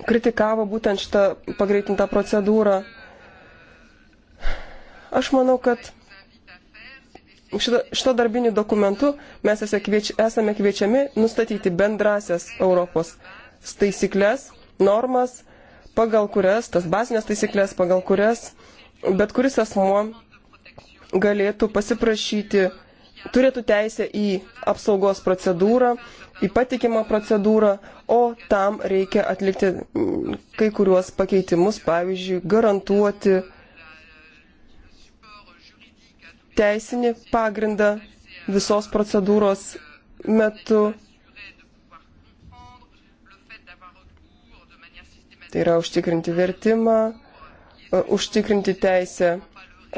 kritikavo būtent šitą pagreitintą procedūrą. Aš manau, kad šito, šito darbiniu dokumentu mes kvieč, esame kviečiami nustatyti bendrasias Europos taisyklės, normas, pagal kurias, tas bazinės taisyklės, pagal kurias bet kuris asmuo galėtų pasiprašyti, turėtų teisę į apsaugos procedūrą, į patikimą procedūrą, o tam reikia atlikti mm, kai kuriuos pakeitimus, pavyzdžiui, garantuoti teisinį pagrindą visos procedūros metu. Tai yra užtikrinti vertimą, e, užtikrinti teisę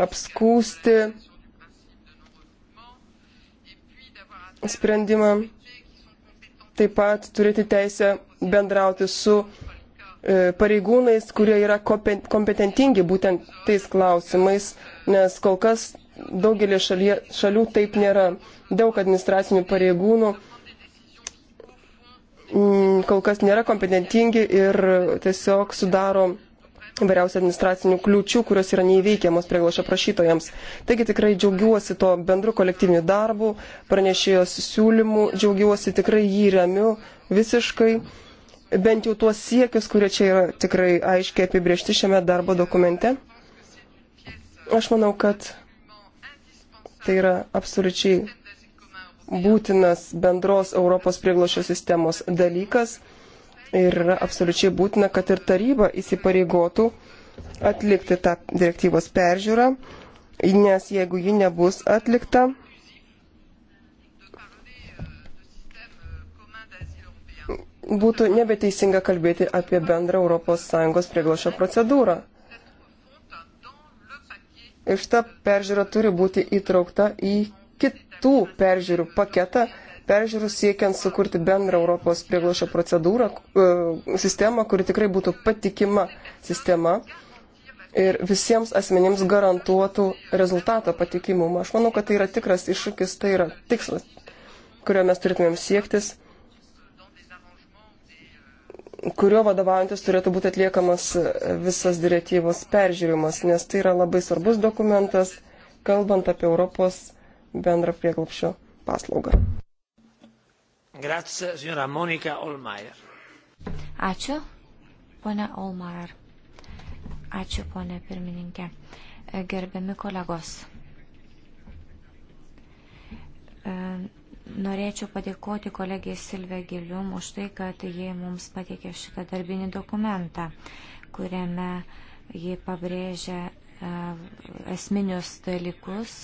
apskūsti sprendimą, taip pat turėti teisę bendrauti su e, pareigūnais, kurie yra kompetentingi būtent tais klausimais, nes kol kas daugelį šalie, šalių taip nėra. Daug administracinių pareigūnų mm, kol kas nėra kompetentingi ir tiesiog sudaro įvairiausių administracinių kliūčių, kurios yra neįveikiamos prieglašio prašytojams. Taigi tikrai džiaugiuosi to bendru kolektyviniu darbu, pranešėjos siūlymų, džiaugiuosi tikrai jį remiu visiškai, bent jau tuos siekius, kurie čia yra tikrai aiškiai apibriešti šiame darbo dokumente. Aš manau, kad Tai yra absoliučiai būtinas bendros Europos prieglošio sistemos dalykas ir yra absoliučiai būtina, kad ir taryba įsipareigotų atlikti tą direktyvos peržiūrą, nes jeigu ji nebus atlikta, būtų nebeteisinga kalbėti apie bendrą ES prieglošio procedūrą ir šita peržiūra turi būti įtraukta į kitų peržiūrų paketą, peržiūrų siekiant sukurti bendrą Europos prieglošio procedūrą, e, sistemą, kuri tikrai būtų patikima sistema ir visiems asmenims garantuotų rezultato patikimumą. Aš manau, kad tai yra tikras iššūkis, tai yra tikslas, kurio mes turėtumėm siektis kuriuo vadovaujantis turėtų būti atliekamas e, visas direktyvos peržiūrimas, nes tai yra labai svarbus dokumentas, kalbant apie Europos bendrą prieglopščio paslaugą. Grazie, signora Monika Olmeier. Ačiū, ponia Olmeier. Ačiū, ponia pirmininkė. E, gerbiami kolegos. E Norėčiau padėkoti kolegijai Silvė Gilium už tai, kad jie mums pateikė šitą darbinį dokumentą, kuriame jie pabrėžia e, esminius dalykus,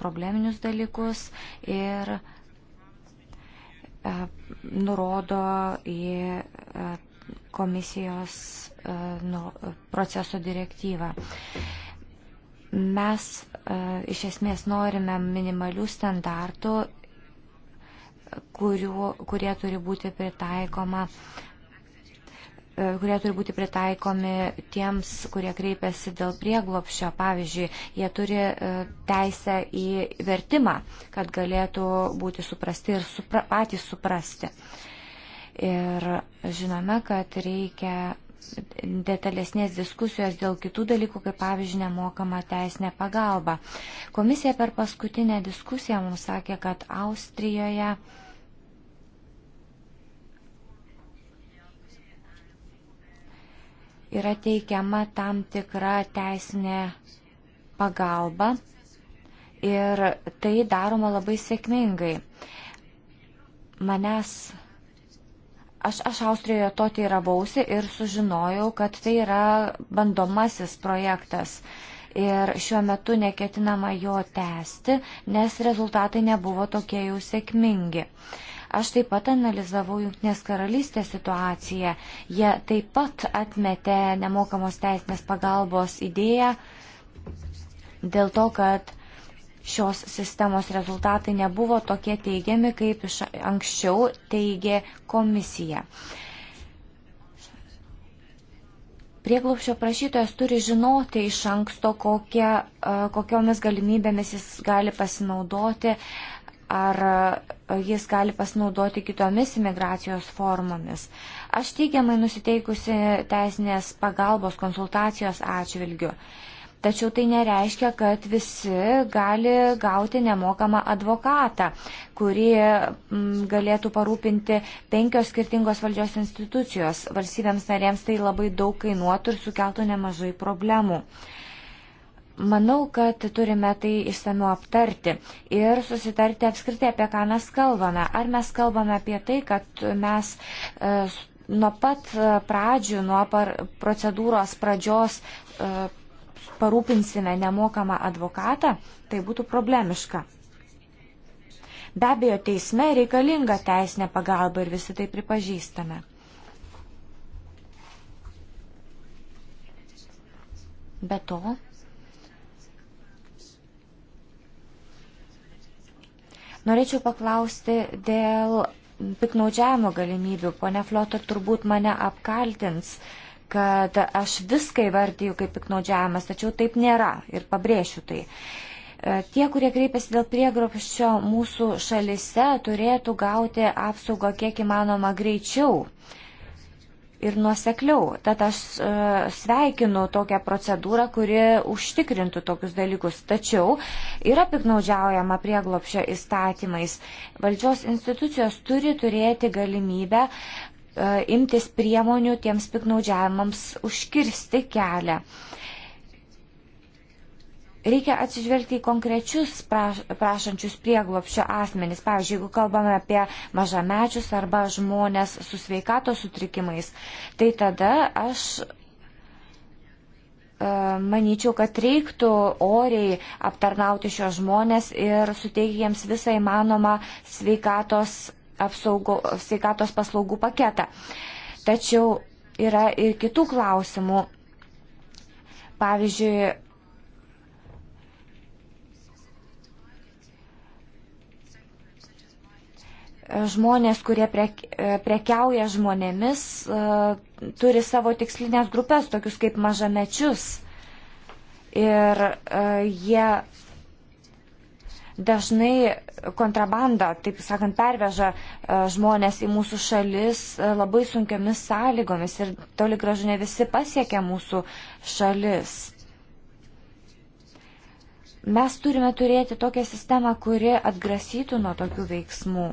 probleminius dalykus ir e, nurodo į e, komisijos nu, proceso direktyvą mes e, iš esmės norime minimalių standartų kurių, kurie turi būti pritaikoma e, kurie turi būti pritaikomi tiems, kurie kreipiasi dėl prieglopščio. Pavyzdžiui, jie turi e, teisę į vertimą, kad galėtų būti suprasti ir supra, patys suprasti. Ir žinome, kad reikia detalesnės diskusijos dėl kitų dalykų, kaip pavyzdžiui, nemokama teisinė pagalba. Komisija per paskutinę diskusiją mums sakė, kad Austrijoje uh, yra teikiama tam tikra teisinė pagalba ir tai daroma labai sėkmingai. Manęs aš, aš Austrijoje to teiravausi ir sužinojau, kad tai yra bandomasis projektas. Ir šiuo metu neketinama jo tęsti, nes rezultatai nebuvo tokie jau sėkmingi. Uh, Aš taip pat analizavau Junktinės karalystės situaciją. Jie taip pat atmetė nemokamos teisinės pagalbos idėją dėl to, kad šios sistemos rezultatai nebuvo tokie teigiami, kaip iš anksčiau teigė komisija. Prieglopšio prašytojas turi žinoti iš anksto, kokie, kokiomis galimybėmis jis gali pasinaudoti, ar jis gali pasinaudoti kitomis imigracijos formomis. Aš teigiamai nusiteikusi teisinės pagalbos konsultacijos atžvilgiu. Tačiau tai nereiškia, kad visi gali gauti nemokamą advokatą, kurį mm, galėtų parūpinti penkios skirtingos valdžios institucijos. Valstybėms narėms tai labai daug kainuotų ir sukeltų nemažai problemų. Uh, Manau, kad turime tai išsamiu aptarti ir susitarti apskritai, apie ką mes kalbame. Ar mes kalbame apie tai, kad mes e, nuo pat e, pradžių, nuo procedūros pradžios e, parūpinsime nemokamą advokatą, tai būtų problemiška. Be abejo, teisme reikalinga teisinė pagalba ir visi tai pripažįstame. Be to, Norėčiau paklausti dėl piknaudžiavimo galimybių. Pone Flotar turbūt mane apkaltins, kad aš viską įvardyju kaip piknaudžiavimas, tačiau taip nėra ir pabrėšiu tai. E, tie, kurie kreipiasi dėl priegropščio mūsų šalise, turėtų gauti apsaugą kiek įmanoma greičiau. Uh, ir nuosekliau. Tad aš e, sveikinu tokią procedūrą, kuri užtikrintų tokius dalykus. Tačiau yra piknaudžiaujama prieglopšio įstatymais. Valdžios institucijos turi turėti galimybę e, imtis priemonių tiems piknaudžiavimams užkirsti kelią. Reikia atsižvelgti į konkrečius prašančius prieglopščio asmenys. Pavyzdžiui, jeigu kalbame apie mažamečius arba žmonės su sveikato sutrikimais, tai tada aš e, manyčiau, kad reiktų oriai aptarnauti šios žmonės ir suteikti jiems visą įmanomą sveikatos, apsaugo, sveikatos paslaugų paketą. Tačiau yra ir kitų klausimų. Pavyzdžiui, žmonės, kurie prekiauja žmonėmis, e, turi savo tikslinės grupės, tokius kaip mažamečius. Ir e, jie dažnai kontrabandą, taip sakant, perveža e, žmonės į mūsų šalis labai sunkiomis sąlygomis ir toli gražu ne visi pasiekia mūsų šalis. Mes turime turėti tokią sistemą, kuri atgrasytų nuo tokių veiksmų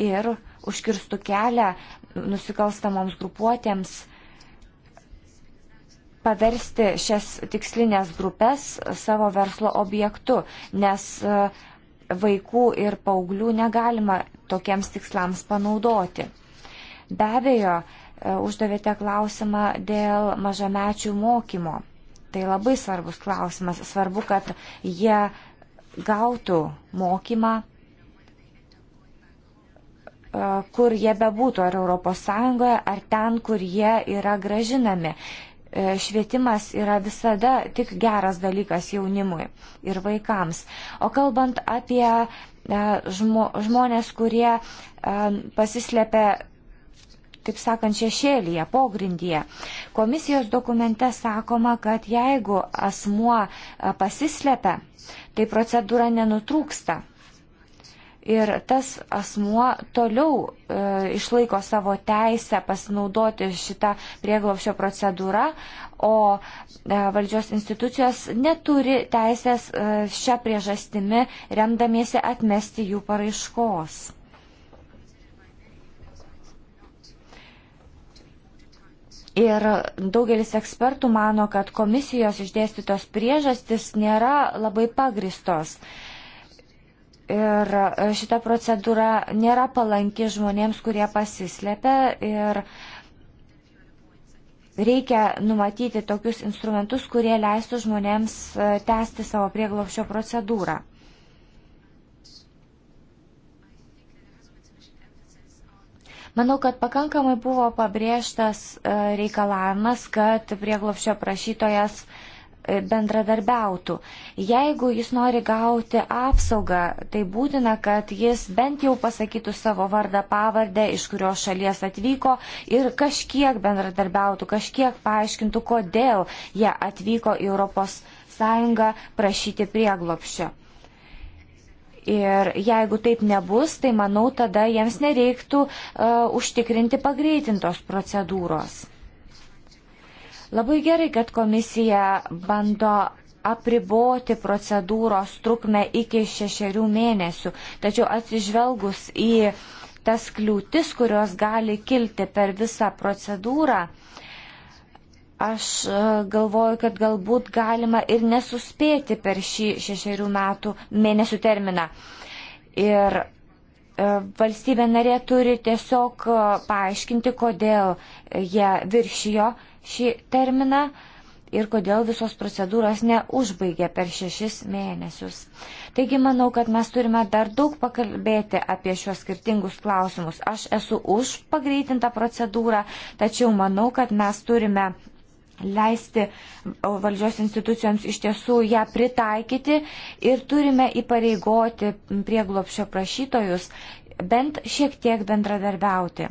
ir užkirstų kelią nusikalstamoms grupuotėms paversti šias tikslinės grupės savo verslo objektu, nes e, vaikų ir paauglių negalima tokiems tikslams panaudoti. Be abejo, e, uždavėte klausimą dėl mažamečių mokymo. Tai labai svarbus klausimas. Svarbu, kad jie gautų mokymą kur jie bebūtų, ar ES, ar ten, kur jie yra gražinami. E, švietimas yra visada tik geras dalykas jaunimui ir vaikams. O kalbant apie e, žmo, žmonės, kurie e, pasislėpia taip sakant, šešėlyje, pogrindyje. Komisijos dokumente sakoma, kad jeigu asmuo pasislepia, tai procedūra nenutrūksta ir tas asmuo toliau e, išlaiko savo teisę pasinaudoti šitą prieglopšio procedūrą, o e, valdžios institucijos neturi teisės e, šią priežastimi remdamiesi atmesti jų paraiškos. Ir daugelis ekspertų mano, kad komisijos išdėstytos priežastis nėra labai pagristos. E, Ir e, šita procedūra nėra palanki žmonėms, kurie pasislepia ir reikia numatyti tokius instrumentus, kurie leistų žmonėms e, tęsti savo prieglopščio procedūrą. Manau, kad pakankamai buvo pabrėžtas e, reikalavimas, kad prieglopščio prašytojas uh, bendradarbiautų. Jeigu jis nori gauti apsaugą, tai būtina, kad jis bent jau pasakytų savo vardą, pavardę, iš kurios šalies atvyko ir kažkiek bendradarbiautų, kažkiek paaiškintų, kodėl jie atvyko į Europos Sąjungą prašyti prieglopščio. Ir jeigu taip nebus, tai manau, tada jiems nereiktų uh, užtikrinti pagreitintos procedūros. Labai gerai, kad komisija bando apriboti procedūros trukmę iki šešerių mėnesių, tačiau atsižvelgus į tas kliūtis, kurios gali kilti per visą procedūrą, aš e, galvoju, kad galbūt galima ir nesuspėti per šį šešerių metų mėnesių terminą. Ir E, valstybė narė turi tiesiog e, paaiškinti, kodėl jie viršijo šį terminą ir kodėl visos procedūros neužbaigė per šešis mėnesius. Taigi manau, kad mes turime dar daug pakalbėti apie šios skirtingus klausimus. Aš esu už pagreitintą procedūrą, tačiau manau, kad mes turime leisti valdžios institucijoms iš tiesų ją pritaikyti ir turime įpareigoti prieglopšio prašytojus bent šiek tiek bendradarbiauti.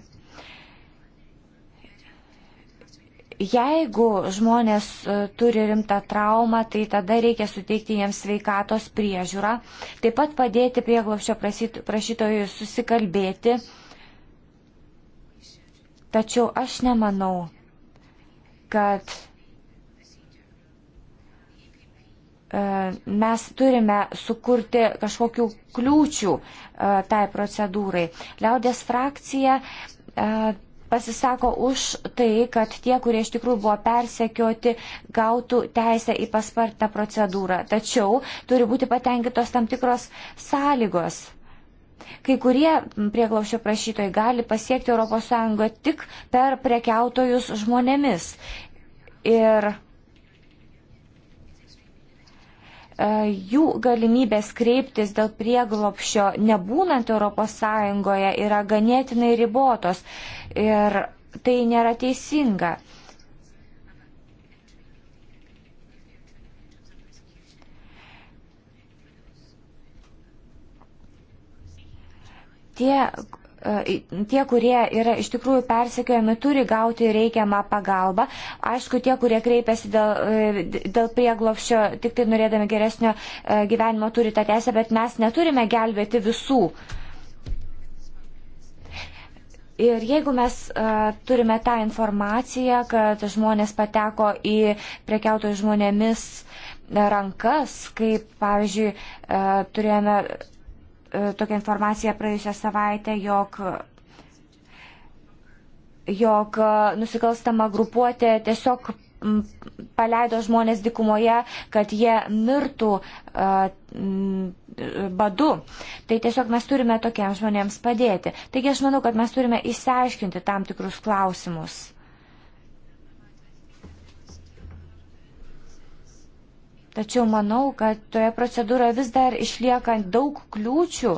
Jeigu žmonės e, turi rimtą traumą, tai tada reikia suteikti jiems sveikatos priežiūrą, taip pat padėti prieglopšio prašytojui susikalbėti. Tačiau aš nemanau, kad e, mes turime sukurti kažkokių kliūčių e, tai procedūrai. Liaudės frakcija e, pasisako už tai, kad tie, kurie iš tikrųjų buvo persekioti, gautų teisę į paspartą procedūrą. Tačiau turi būti patenkintos tam tikros sąlygos. Kai kurie prieglaušio prašytojai gali pasiekti ES tik per prekiautojus žmonėmis. Ir e, jų galimybės kreiptis dėl prieglopšio nebūnant ES yra ganėtinai ribotos ir tai nėra teisinga. tie, e, tie, kurie yra iš tikrųjų persekiojami, turi gauti reikiamą pagalbą. Aišku, tie, kurie kreipiasi dėl, e, dėl prieglopščio, tik tai norėdami geresnio e, gyvenimo, turi tą teisę, bet mes neturime gelbėti visų. Ir jeigu mes uh, turime tą informaciją, kad žmonės pateko į prekiautojų žmonėmis rankas, kaip pavyzdžiui uh, turėjome tokią informaciją praėjusią savaitę, jog jog e, nusikalstama grupuotė tiesiog paleido žmonės dikumoje, kad jie mirtų e, badu. Tai tiesiog mes turime tokiems žmonėms padėti. Taigi aš manau, kad mes turime išsiaiškinti tam tikrus klausimus. Tačiau manau, kad toje procedūroje vis dar išlieka daug kliūčių,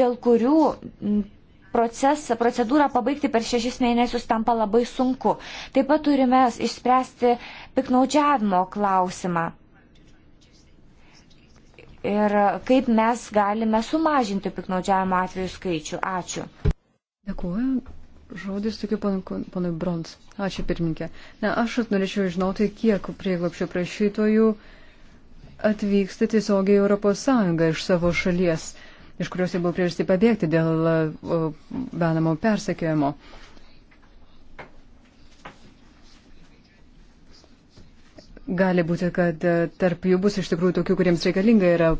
dėl kurių procesą, procedūrą pabaigti per šešis mėnesius tampa labai sunku. Taip pat turime išspręsti piknaudžiavimo klausimą. Ir kaip mes galime sumažinti piknaudžiavimo atvejų skaičių. Ačiū. Dėkuoju. Žodis tokiu panui Brons. Ačiū pirminkė. Na, aš norėčiau žinoti, kiek prieglapšio prašytojų uh, atvyksta tiesiogiai Europos Sąjungą iš savo šalies, iš kurios jie buvo priežasti pabėgti dėl e, benamo persekiojimo. Gali būti, kad e, tarp jų bus iš tikrųjų tokių, kuriems reikalinga yra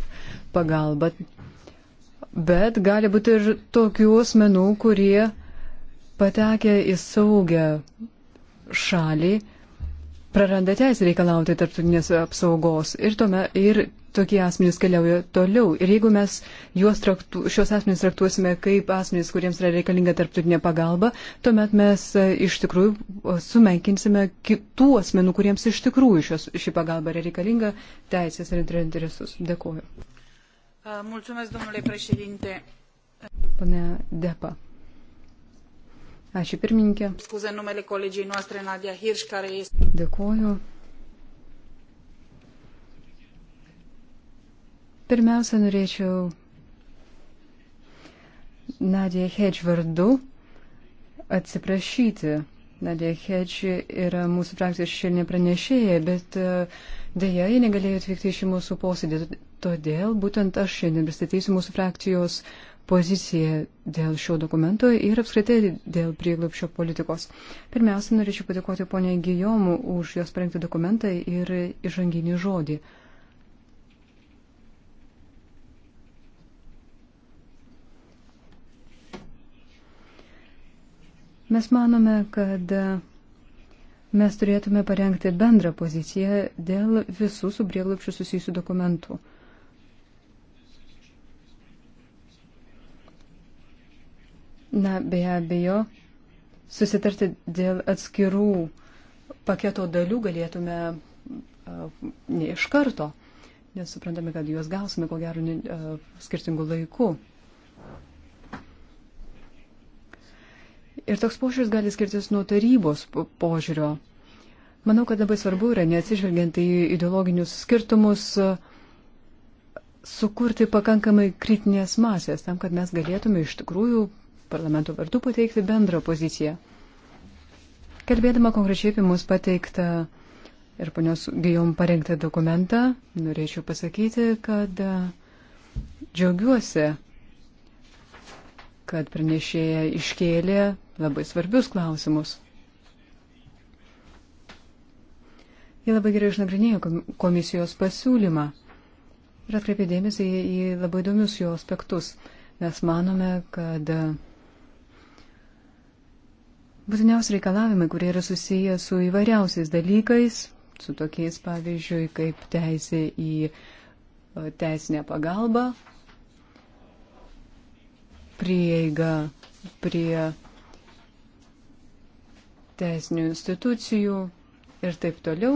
pagalba. Bet gali būti ir tokių asmenų, kurie patekė į saugę šalį, praranda teisę reikalauti tarptautinės apsaugos ir, tome, ir tokie asmenys keliauja toliau. Ir jeigu mes traktu, šios asmenys traktuosime kaip asmenys, kuriems yra reikalinga tarptautinė pagalba, tuomet mes e, iš tikrųjų sumenkinsime kitų asmenų, kuriems iš tikrųjų šios, ši pagalba yra reikalinga, teisės ir interesus. Dėkuoju. Mulțumesc, domnule președinte. Pane Depa. Ačiū pirmininkė. Dėkuoju. Pirmiausia, norėčiau Nadia Hedge vardu atsiprašyti. Nadia Hedge yra mūsų frakcijos šešėlinė pranešėja, bet e, dėja ji negalėjo atvykti iš mūsų posėdį. Todėl būtent aš šiandien pristatysiu mūsų frakcijos uh, poziciją dėl šio dokumento ir apskritai dėl prieglupščio politikos. Pirmiausia, norėčiau padėkoti poniai Gijomų už jos parengtą dokumentą ir įžanginį žodį. Mes manome, kad mes turėtume parengti bendrą poziciją dėl visų su prieglupščiu susijusių dokumentų. Na, be abejo, susitarti dėl atskirų paketo dalių galėtume ne iš karto, nes suprantame, kad juos gausime ko gero skirtingų laikų. Ir toks požiūris gali skirtis nuo tarybos požiūrio. Manau, kad labai svarbu yra, neatsižvelgiant į ideologinius skirtumus, sukurti pakankamai kritinės masės tam, kad mes galėtume iš tikrųjų parlamento vardu pateikti bendrą poziciją. Kalbėdama konkrečiai apie mūsų pateiktą ir ponios Gijom parengtą dokumentą, norėčiau pasakyti, kad e, džiaugiuosi, kad pranešėja iškėlė labai svarbius klausimus. Jie labai gerai išnagrinėjo komisijos pasiūlymą ir atkreipė dėmesį į labai įdomius jo aspektus. Mes manome, kad Būtiniausi reikalavimai, kurie yra susiję su įvairiausiais dalykais, su tokiais pavyzdžiui, kaip teisė į e, teisinę pagalbą, prieiga prie teisinių institucijų ir taip toliau,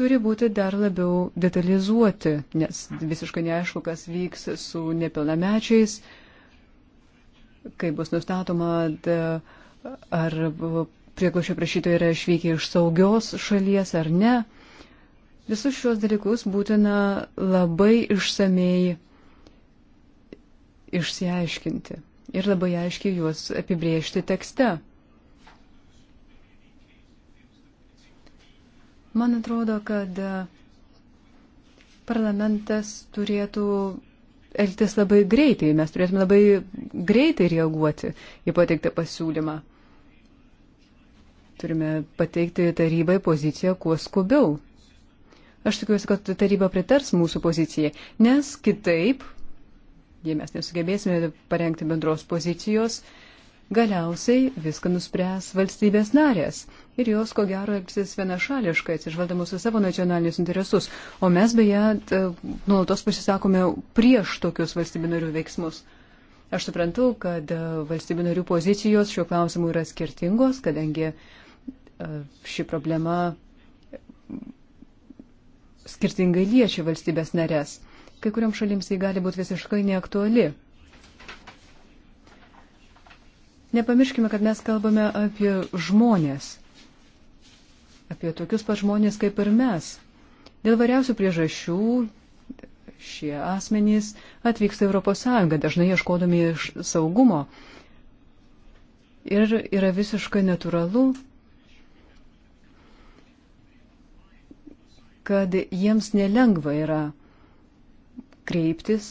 turi būti dar labiau detalizuoti, nes visiškai neaišku, kas vyks su nepilnamečiais, kai bus nustatoma da, de ar prieglošio prašytojai yra išvykę iš saugios šalies ar ne. Visus šios dalykus būtina labai išsamei išsiaiškinti ir labai aiškiai juos apibriežti tekste. Man atrodo, kad parlamentas turėtų elgtis labai greitai, mes turėtume labai greitai reaguoti į pateiktą pasiūlymą. Turime pateikti tarybai poziciją kuo skubiau. Aš tikiuosi, kad taryba pritars mūsų pozicijai, nes kitaip, jei mes nesugebėsime parengti bendros pozicijos, galiausiai viską nuspręs valstybės narės. Ir jos, ko gero, elgsis vienašališkai, atsižvelgdamos į savo nacionalinius interesus. O mes beje nuolatos pasisakome prieš tokius valstybių narių veiksmus. Aš suprantu, kad valstybių narių pozicijos šiuo klausimu yra skirtingos, kadangi uh, E, ši problema skirtingai liečia valstybės narės. Kai kuriam šalims jį tai gali būti visiškai neaktuali. Nepamirškime, kad mes kalbame apie žmonės, apie tokius pat žmonės kaip ir mes. Dėl variausių priežasčių šie asmenys atvyksta Europos Sąjungą, dažnai ieškodami saugumo. Ir yra visiškai natūralu, kad jiems nelengva yra kreiptis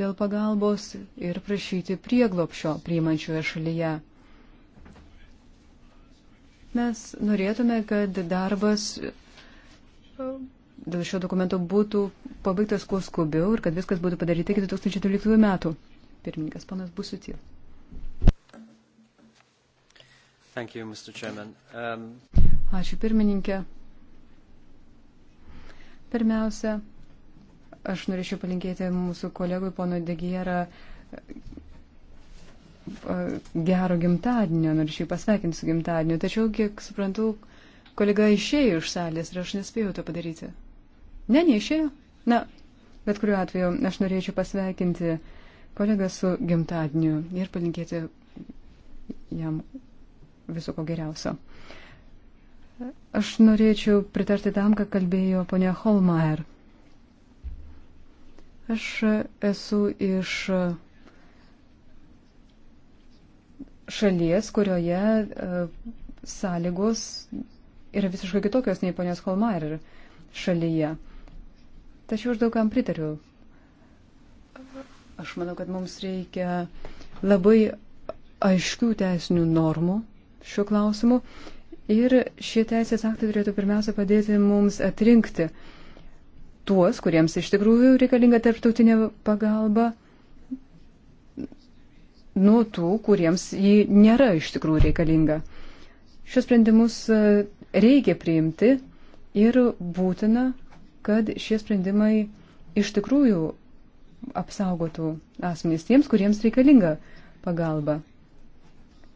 dėl pagalbos ir prašyti prieglopšio priimančioje šalyje. Mes norėtume, kad darbas e, dėl šio dokumento būtų pabaigtas kuo skubiau ir kad viskas būtų padaryta iki 2013 metų. Pirmininkas panas Busutil. Um... Ačiū pirmininkė. Pirmiausia, aš norėčiau palinkėti mūsų kolegui pono Degierą gero gimtadienio, norėčiau pasveikinti su gimtadieniu, tačiau, kiek suprantu, kolega išėjo iš salės ir aš nespėjau to padaryti. Ne, neišėjo. Na, bet kuriuo atveju aš norėčiau pasveikinti kolegą su gimtadieniu ir palinkėti jam viso ko geriausio. Uh, Aš norėčiau pritarti tam, ką kalbėjo ponia Holmeier. Aš esu iš šalies, kurioje e, sąlygos yra visiškai kitokios nei ponios Holmeier šalyje. Tačiau aš daugam pritariu. Aš manau, kad mums reikia labai aiškių teisinių normų šiuo klausimu Ir šie teisės aktai turėtų pirmiausia padėti mums atrinkti tuos, kuriems iš tikrųjų reikalinga tarptautinė pagalba, nuo tų, kuriems ji nėra iš tikrųjų reikalinga. Šios sprendimus e, reikia priimti ir būtina, kad šie sprendimai iš tikrųjų apsaugotų asmenys tiems, kuriems reikalinga pagalba.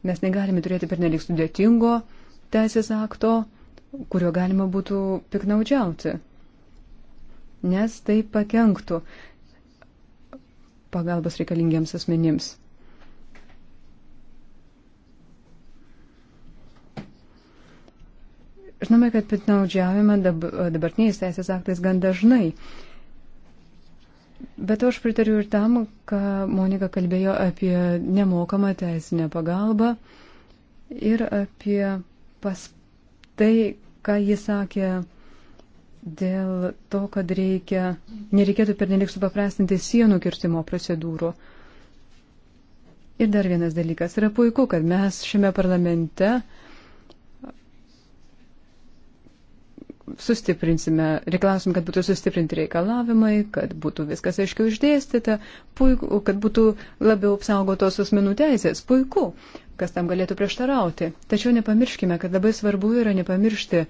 Mes negalime turėti pernelik sudėtingo teisės akto, kurio galima būtų piknaudžiauti, nes tai pakenktų pagalbos reikalingiems asmenims. Žinome, kad pitnaudžiavimą dabartiniais teisės aktais gan dažnai. Bet aš pritariu ir tam, ką Monika kalbėjo apie nemokamą teisinę pagalbą ir apie pas tai, ką jis sakė dėl to, kad reikia, nereikėtų pernelik supaprastinti sienų kirtimo procedūrų. Ir dar vienas dalykas. Yra puiku, kad mes šiame parlamente uh, sustiprinsime, reikalausim, kad būtų sustiprinti reikalavimai, kad būtų viskas aiškiau išdėstyta, puiku, kad būtų labiau apsaugotos asmenų teisės. Puiku, kas tam galėtų prieštarauti. Tačiau nepamirškime, kad labai svarbu yra nepamiršti,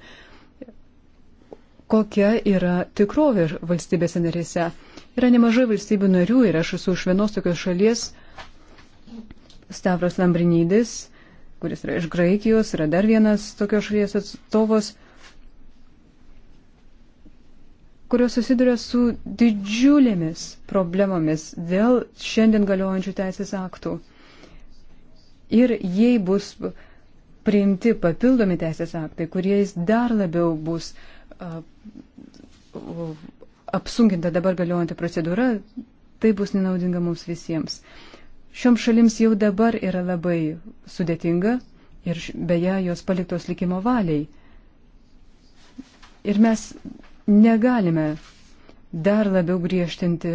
kokia yra tikrovė valstybėse narėse. Yra nemažai valstybių narių ir aš esu iš vienos tokios šalies, Stavros Lambrinydis, kuris yra iš Graikijos, yra dar vienas tokios šalies atstovas kurios susiduria su didžiulėmis problemomis dėl šiandien galiojančių teisės aktų. Ir jei bus priimti papildomi teisės aktai, kuriais dar labiau bus uh, apsunkinta dabar galiojanti procedūra, tai bus nenaudinga mums visiems. Šioms šalims jau dabar yra labai sudėtinga ir beje jos paliktos likimo valiai. Ir mes negalime dar labiau griežtinti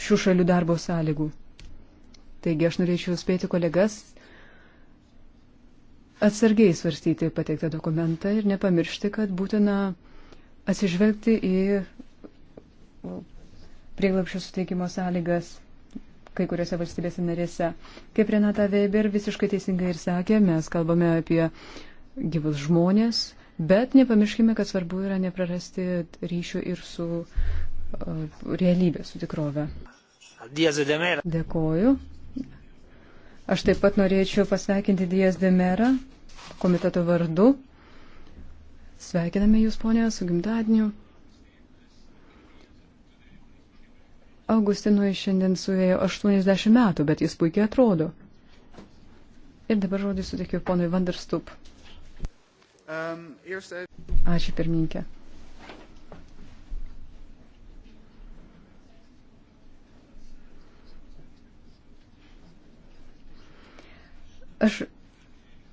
šių šalių darbo sąlygų. Taigi aš norėčiau spėti kolegas atsargiai svarstyti pateiktą dokumentą ir nepamiršti, kad būtina atsižvelgti į prieglapšio suteikimo sąlygas kai kuriuose valstybėse narėse. Kaip Renata Weber visiškai teisingai ir sakė, mes kalbame apie gyvus žmonės, Bet nepamirškime, kad svarbu yra neprarasti ryšių ir su uh, realybė, su tikrove. Dėkoju. Aš taip pat norėčiau pasveikinti Dijas Demerą komiteto vardu. Sveikiname Jūs, ponė, su gimtadieniu. Augustinui šiandien suėjo 80 metų, bet jis puikiai atrodo. Ir dabar žodį suteikiu ponui Vanderstup. Um, Ačiū pirminkė. Aš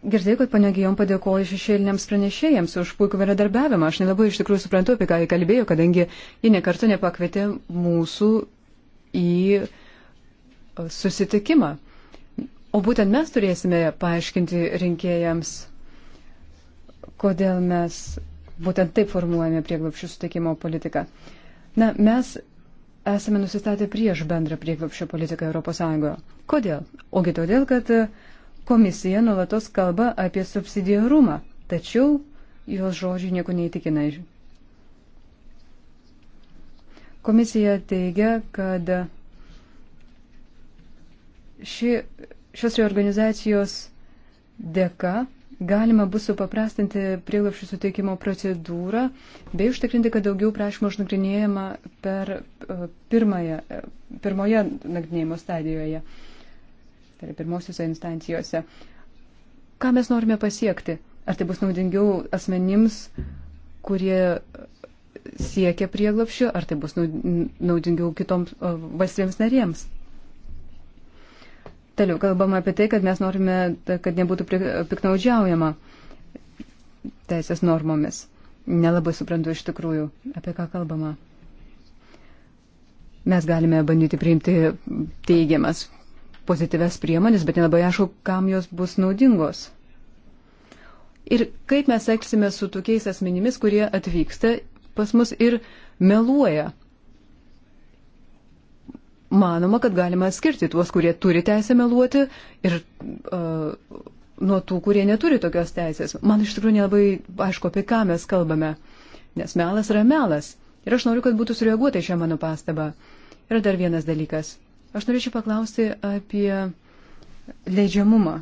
girdėjau, kad ponia Gijom padėkojo šešėliniams pranešėjams už puikų bendradarbiavimą. Aš nelabai iš tikrųjų suprantu, apie ką jie kalbėjo, kadangi jie nekartu nepakvietė mūsų į e, susitikimą. O būtent mes turėsime paaiškinti rinkėjams kodėl mes būtent taip formuojame prieglapščių sutikimo politiką. Na, mes esame nusistatę prieš bendrą prieglapščio politiką ES. Kodėl? Ogi todėl, kad komisija nuolatos kalba apie subsidiarumą, tačiau jos žodžiai nieko neįtikina. Komisija teigia, kad ši, šios reorganizacijos dėka galima bus supaprastinti prieglapšių suteikimo procedūrą bei užtikrinti, kad daugiau prašymų išnagrinėjama per e, pirmąją, e, pirmoje nagrinėjimo stadijoje, tai yra pirmosiuose instancijose. Ką mes norime pasiekti? Ar tai bus naudingiau asmenims, kurie siekia prieglapšių, ar tai bus naudingiau kitoms e, valstybėms narėms? Toliau kalbama apie tai, kad mes norime, kad nebūtų piknaudžiaujama teisės normomis. Nelabai suprantu iš tikrųjų, apie ką kalbama. Mes galime bandyti priimti teigiamas, pozityves priemonės, bet nelabai aišku, kam jos bus naudingos. Ir kaip mes elgsime su tokiais asmenimis, kurie atvyksta pas mus ir meluoja manoma, kad galima atskirti tuos, kurie turi teisę meluoti ir uh, nuo tų, kurie neturi tokios teisės. Man iš tikrųjų nelabai aišku, apie ką mes kalbame, nes melas yra melas. Ir aš noriu, kad būtų sureaguota į šią mano pastabą. Yra dar vienas dalykas. Aš norėčiau paklausti apie leidžiamumą.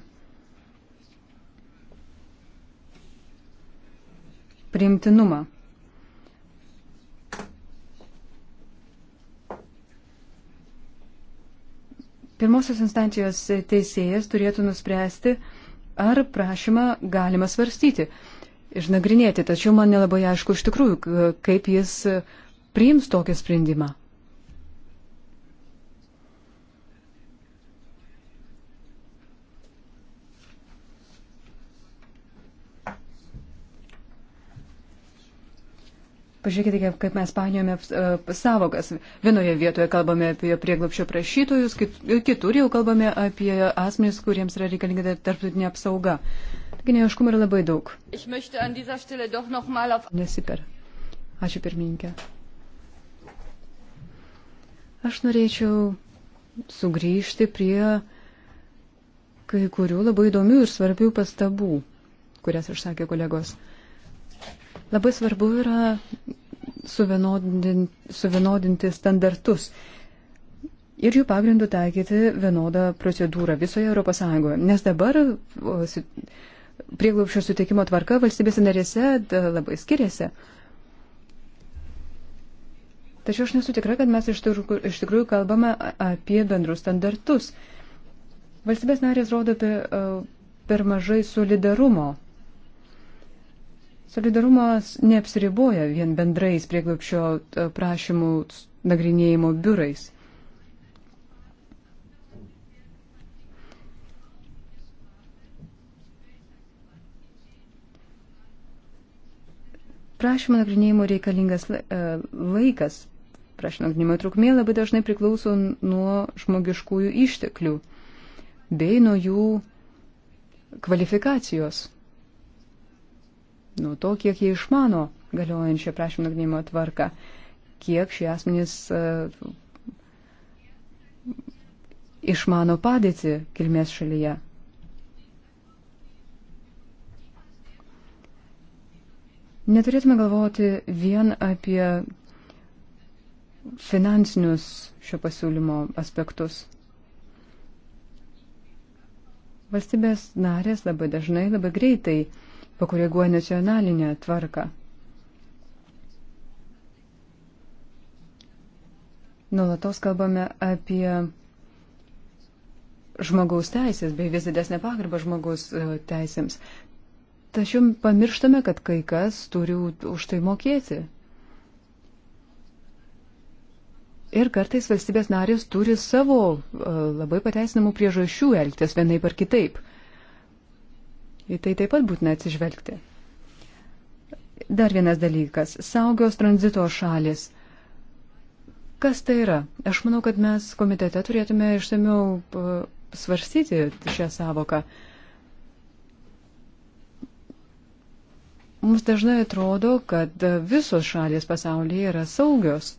Priimtinumą. pirmosios instancijos teisėjas turėtų nuspręsti, ar prašymą galima svarstyti, išnagrinėti. Tačiau man nelabai aišku iš tikrųjų, kaip jis priims tokį sprendimą. Pažiūrėkite, kaip mes painiojame e, savokas. Vienoje vietoje kalbame apie prieglapšio prašytojus, kitur jau kalbame apie asmenys, kuriems yra reikalinga tarptautinė apsauga. Taigi neaiškumų yra labai daug. Nesiper. Ačiū pirmininkė. Aš norėčiau sugrįžti prie kai kurių labai įdomių ir svarbių pastabų, kurias išsakė kolegos. Labai svarbu yra suvienodinti, suvienodinti standartus ir jų pagrindų taikyti vienodą procedūrą visoje ES. Nes dabar prieglaušio suteikimo tvarka valstybėse narėse labai skiriasi. Tačiau aš nesu tikra, kad mes iš tikrųjų, iš tikrųjų kalbame apie bendrus standartus. Valstybės narės rodo per, per mažai solidarumo Solidarumas neapsiriboja vien bendrais prieglopšio e, prašymų nagrinėjimo biurais. Prašymo nagrinėjimo reikalingas e, laikas, prašymo nagrinėjimo trukmė labai dažnai priklauso nuo žmogiškųjų išteklių bei nuo jų kvalifikacijos nuo to, kiek jie išmano galiojančią prašymų nagrinimo tvarką, kiek šie asmenys e, išmano padėtį kilmės šalyje. Neturėtume galvoti vien apie finansinius šio pasiūlymo aspektus. Valstybės narės labai dažnai, labai greitai uh, pakoreguoja nacionalinę tvarką. Nulatos kalbame apie žmogaus teisės bei vis didesnę pagarbą žmogaus e, teisėms. Tačiau pamirštame, kad kai kas turi už tai mokėti. Ir kartais valstybės narės turi savo e, labai pateisinamų priežasčių elgtis vienaip ar kitaip. Į tai taip pat būtina atsižvelgti. Dar vienas dalykas - saugios tranzito šalis. Kas tai yra? Aš manau, kad mes komitete turėtume išsamiau uh, svarstyti šią savoką. Mums dažnai atrodo, kad uh, visos šalės pasaulyje yra saugios.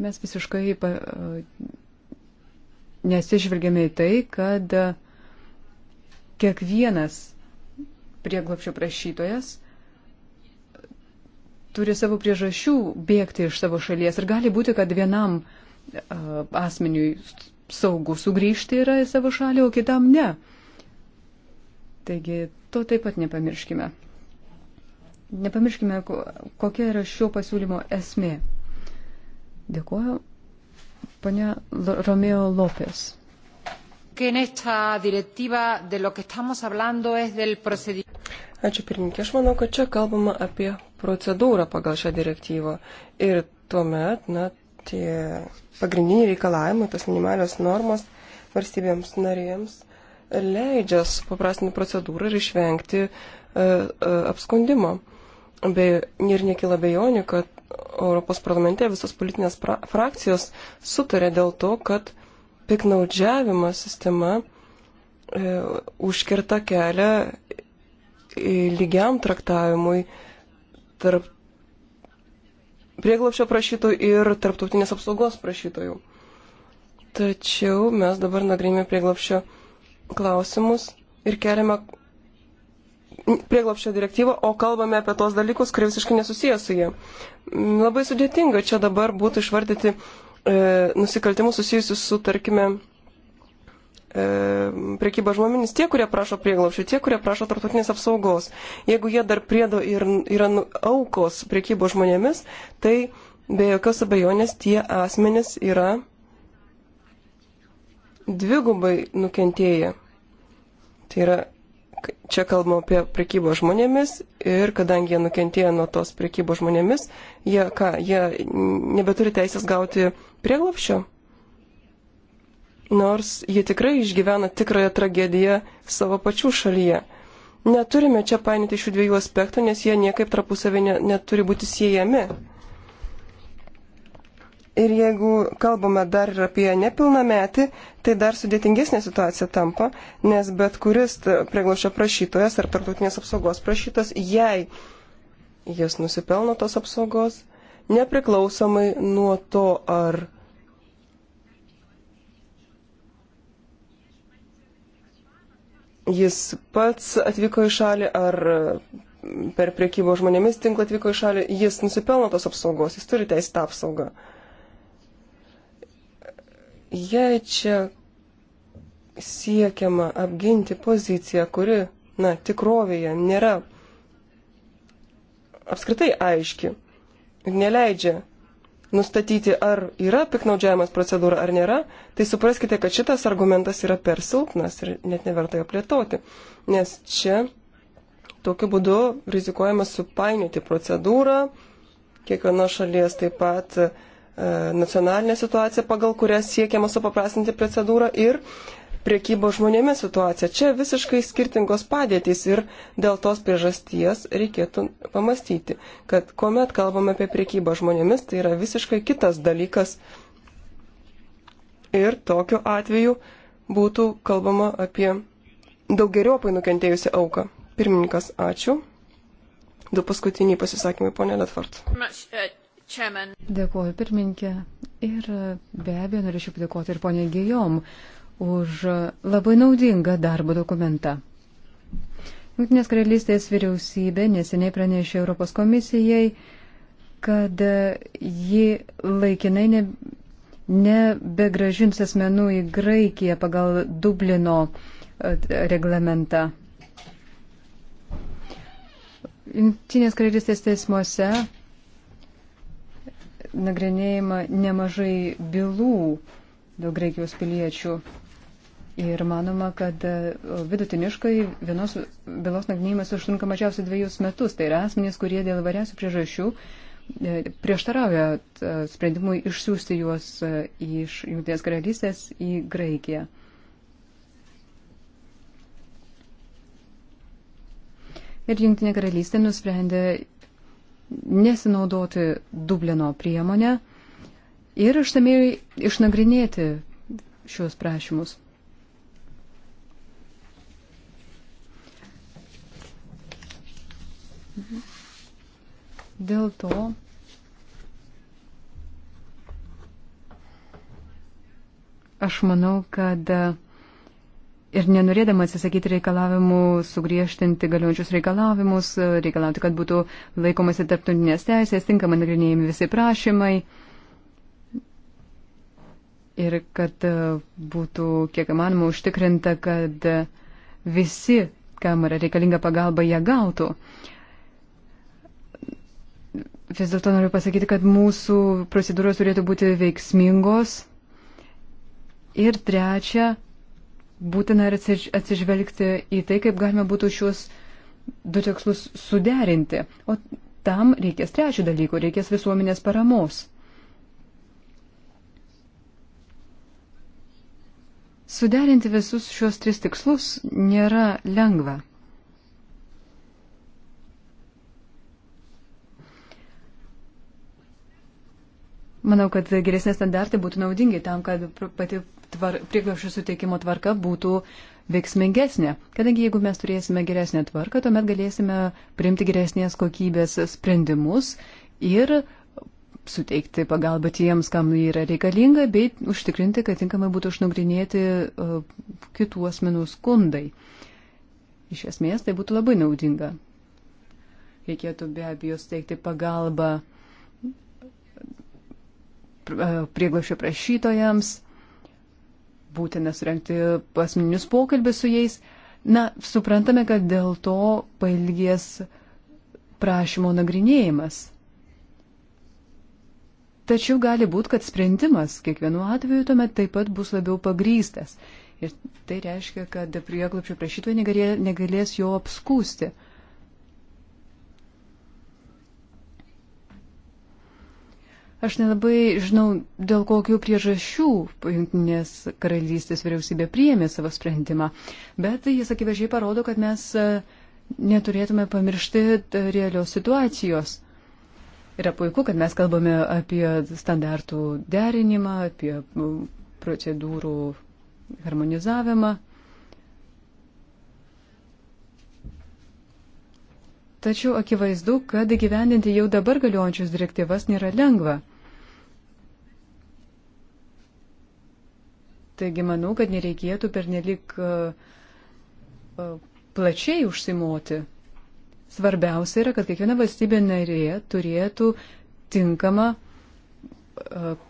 Mes visiškai uh, nesižvelgiame į tai, kad uh, kiekvienas prieglopšio prašytojas turi savo priežasčių bėgti iš savo šalies ir gali būti, kad vienam asmeniui saugu sugrįžti yra į savo šalį, o kitam ne. Taigi to taip pat nepamirškime. Nepamirškime, kokia yra šio pasiūlymo esmė. Dėkuoju, ponia Romeo Lopes que en esta directiva de lo que estamos hablando es del procedimiento. Ačiū pirmininkė, aš manau, kad čia kalbama apie procedūrą pagal šią direktyvą. Ir tuomet, na, tie pagrindiniai reikalavimai, tas minimalios normos valstybėms narėms leidžia supaprastinti procedūrą ir išvengti e, e, apskundimo. Be, ir nekyla bejonių, kad Europos parlamente visos politinės pra, frakcijos sutarė dėl to, kad piknaudžiavimo sistema e, užkirta kelią lygiam traktavimui tarp prieglapšio prašytojų ir tarptautinės apsaugos prašytojų. Tačiau mes dabar nagrinėjame prieglapšio klausimus ir keliame prieglapšio direktyvą, o kalbame apie tos dalykus, kurie visiškai nesusiję su jie. Labai sudėtinga čia dabar būtų išvardyti e, nusikaltimus susijusius su, tarkime, e, priekyba žmonėmis, tie, kurie prašo prieglaušio, tie, kurie prašo tartutinės apsaugos. Jeigu jie dar priedo ir yra nu, aukos priekybo žmonėmis, tai be jokios abejonės tie asmenys yra dvigubai nukentėję. Tai yra, čia kalbam apie prekybą žmonėmis ir kadangi jie nukentėjo nuo tos prekybos žmonėmis, jie, ką, jie nebeturi teisės gauti prieglopščio. Nors jie tikrai išgyvena tikrąją tragediją savo pačių šalyje. Neturime čia painyti šių dviejų aspektų, nes jie niekaip tarpusavį ne, neturi būti siejami. Ir jeigu kalbame dar ir apie nepilnametį, tai dar sudėtingesnė situacija tampa, nes bet kuris prieglošio prašytojas ar tarptautinės apsaugos prašytas, jei jis nusipelno tos apsaugos, nepriklausomai nuo to, ar jis pats atvyko į šalį, ar per priekybo žmonėmis tinklą atvyko į šalį, jis nusipelno tos apsaugos, jis turi teisę tą apsaugą. Jei čia siekiama apginti poziciją, kuri, na, tikrovėje nėra apskritai aiški, ir neleidžia nustatyti, ar yra piknaudžiavimas procedūra ar nėra, tai supraskite, kad šitas argumentas yra per silpnas ir net neverta jo plėtoti. Nes čia tokiu būdu rizikuojama supainioti procedūrą, kiekvienos šalies taip pat e, nacionalinė situacija, pagal kurią siekiama supaprastinti procedūrą ir priekybo žmonėmis situacija. Čia visiškai skirtingos padėtys ir dėl tos priežasties reikėtų pamastyti, kad kuomet kalbame apie priekybą žmonėmis, tai yra visiškai kitas dalykas. Ir tokiu atveju būtų kalbama apie daug geriopai nukentėjusią auką. Pirmininkas, ačiū. Du paskutiniai pasisakymai, ponė Letford. Dėkuoju, pirmininkė. Ir be abejo, norėčiau padėkoti ir ponė Gijom už labai naudingą darbo dokumentą. Junktinės karalystės vyriausybė neseniai pranešė Europos komisijai, kad ji laikinai ne, nebegražins asmenų į Graikiją pagal Dublino e, reglamentą. Junktinės karalystės teismuose nagrinėjama nemažai bylų dėl Graikijos piliečių. Ir manoma, kad e, vidutiniškai vienos bylos nagrinėjimas užtrunka mažiausiai dviejus metus. Tai yra asmenys, kurie dėl variausių priežasčių e, prieštarauja e, sprendimui išsiųsti juos iš Junktinės karalystės į Graikiją. Ir Junktinė karalystė nusprendė nesinaudoti Dublino priemonę ir išsamei išnagrinėti šios prašymus. Dėl to aš manau, kad e, Ir nenorėdama atsisakyti reikalavimų, sugriežtinti galiojančius reikalavimus, e, reikalauti, kad būtų laikomasi tarptautinės teisės, tinkamai nagrinėjami visi prašymai ir kad e, būtų kiek įmanoma užtikrinta, kad visi, kam yra reikalinga pagalba, ją gautų. Uh, Vis dėlto noriu pasakyti, kad mūsų procedūros turėtų būti veiksmingos. Ir trečia, būtina atsiž atsižvelgti į tai, kaip galima būtų šiuos du tikslus suderinti. O tam reikės trečio dalyko, reikės visuomenės paramos. Suderinti visus šios tris tikslus nėra lengva. Manau, kad geresnė standartai būtų naudingi tam, kad pati tvar, prieglaušių suteikimo tvarka būtų veiksmingesnė. Kadangi jeigu mes turėsime geresnę tvarką, tuomet galėsime priimti geresnės kokybės sprendimus ir suteikti pagalbą tiems, kam jį yra reikalinga, bei užtikrinti, kad tinkamai būtų išnagrinėti e, kitų asmenų skundai. Iš esmės tai būtų labai naudinga. Reikėtų be abejo steigti pagalbą E, prieglašio prašytojams, būtina surenkti asmeninius pokalbius su jais. Na, suprantame, kad dėl to pailgės prašymo nagrinėjimas. Tačiau gali būti, kad sprendimas kiekvienu atveju tuomet taip pat bus labiau pagrystas. Ir tai reiškia, kad prieglapčio prašytojai negalės jo apskūsti. Aš nelabai žinau, dėl kokių priežasčių Junktinės karalystės vyriausybė priėmė savo sprendimą, bet jis akivaizdžiai parodo, kad mes e, neturėtume pamiršti e, realios situacijos. Yra puiku, kad mes kalbame apie standartų derinimą, apie procedūrų harmonizavimą. Tačiau akivaizdu, kad įgyvendinti jau dabar galiojančius direktyvas nėra lengva. Taigi manau, kad nereikėtų pernelik e, e, plačiai užsimoti. Svarbiausia yra, kad kiekviena valstybė narė turėtų tinkamą e,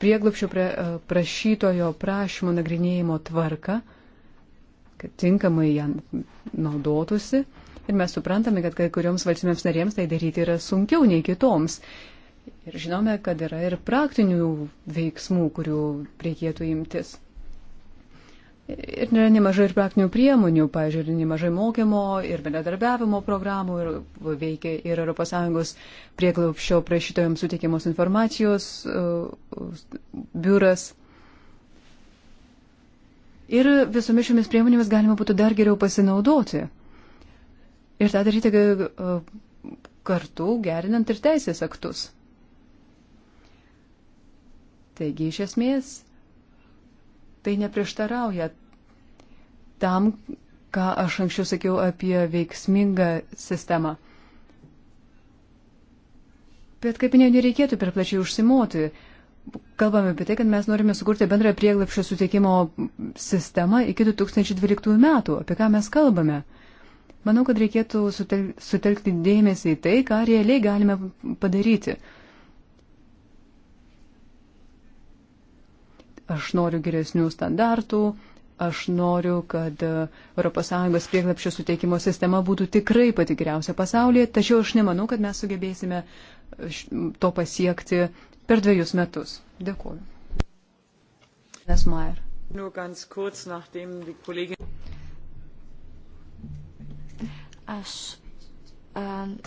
prieglapšio prašytojo prašymo nagrinėjimo tvarką, kad tinkamai ją naudotųsi. Ir mes suprantame, kad kai kurioms valstybėms narėms tai daryti yra sunkiau nei kitoms. Ir žinome, kad yra ir praktinių veiksmų, kurių reikėtų imtis. Ir yra nemažai ir praktinių priemonių, pažiūrėjau, nemažai mokymo ir bendradarbiavimo programų, ir veikia ir ES prieglupščio prašytojams suteikiamos informacijos uh, biuras. Ir visomis šiomis priemonėmis galima būtų dar geriau pasinaudoti. Ir tą daryti uh, kartu gerinant ir teisės aktus. Taigi, iš esmės, tai neprieštarauja tam, ką aš anksčiau sakiau apie veiksmingą sistemą. Bet kaip minėjau, nereikėtų per plačiai užsimoti. Kalbame apie tai, kad mes norime sukurti bendrą prieglapšio suteikimo sistemą iki 2012 metų. Apie ką mes kalbame? Manau, kad reikėtų sutelkti dėmesį į tai, ką realiai galime padaryti. Aš noriu geresnių standartų, Aš noriu, kad ES prieglapščio suteikimo sistema būtų tikrai pati geriausia pasaulyje, tačiau aš nemanau, kad mes sugebėsime e, to pasiekti per dviejus metus. Dėkuoju. Nesmair. Aš. Um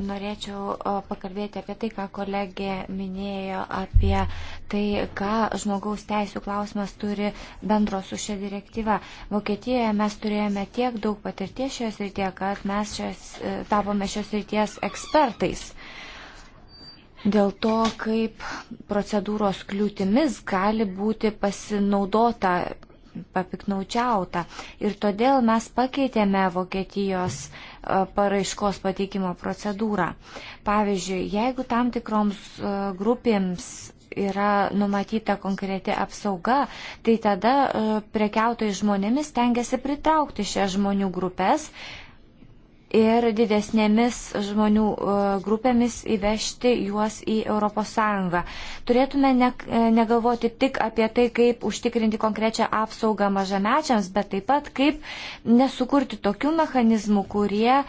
Norėčiau pakalbėti apie tai, ką kolegė minėjo, apie tai, ką žmogaus teisų klausimas turi bendro su šia direktyva. Vokietijoje mes turėjome tiek daug patirties šios rytie, kad mes šios, e, tapome šios ryties ekspertais. Dėl to, kaip procedūros kliūtimis gali būti pasinaudota papiknaučiauta. Ir todėl mes pakeitėme Vokietijos uh, paraiškos pateikimo procedūrą. Pavyzdžiui, jeigu tam tikroms grupėms yra numatyta konkreti apsauga, tai tada prekiautojai žmonėmis tengiasi pritraukti šią žmonių grupės ir didesnėmis žmonių e, grupėmis įvežti juos į ES. Turėtume ne, e, negalvoti tik apie tai, kaip užtikrinti konkrečią apsaugą mažamečiams, bet taip pat kaip nesukurti tokių mechanizmų, kurie e,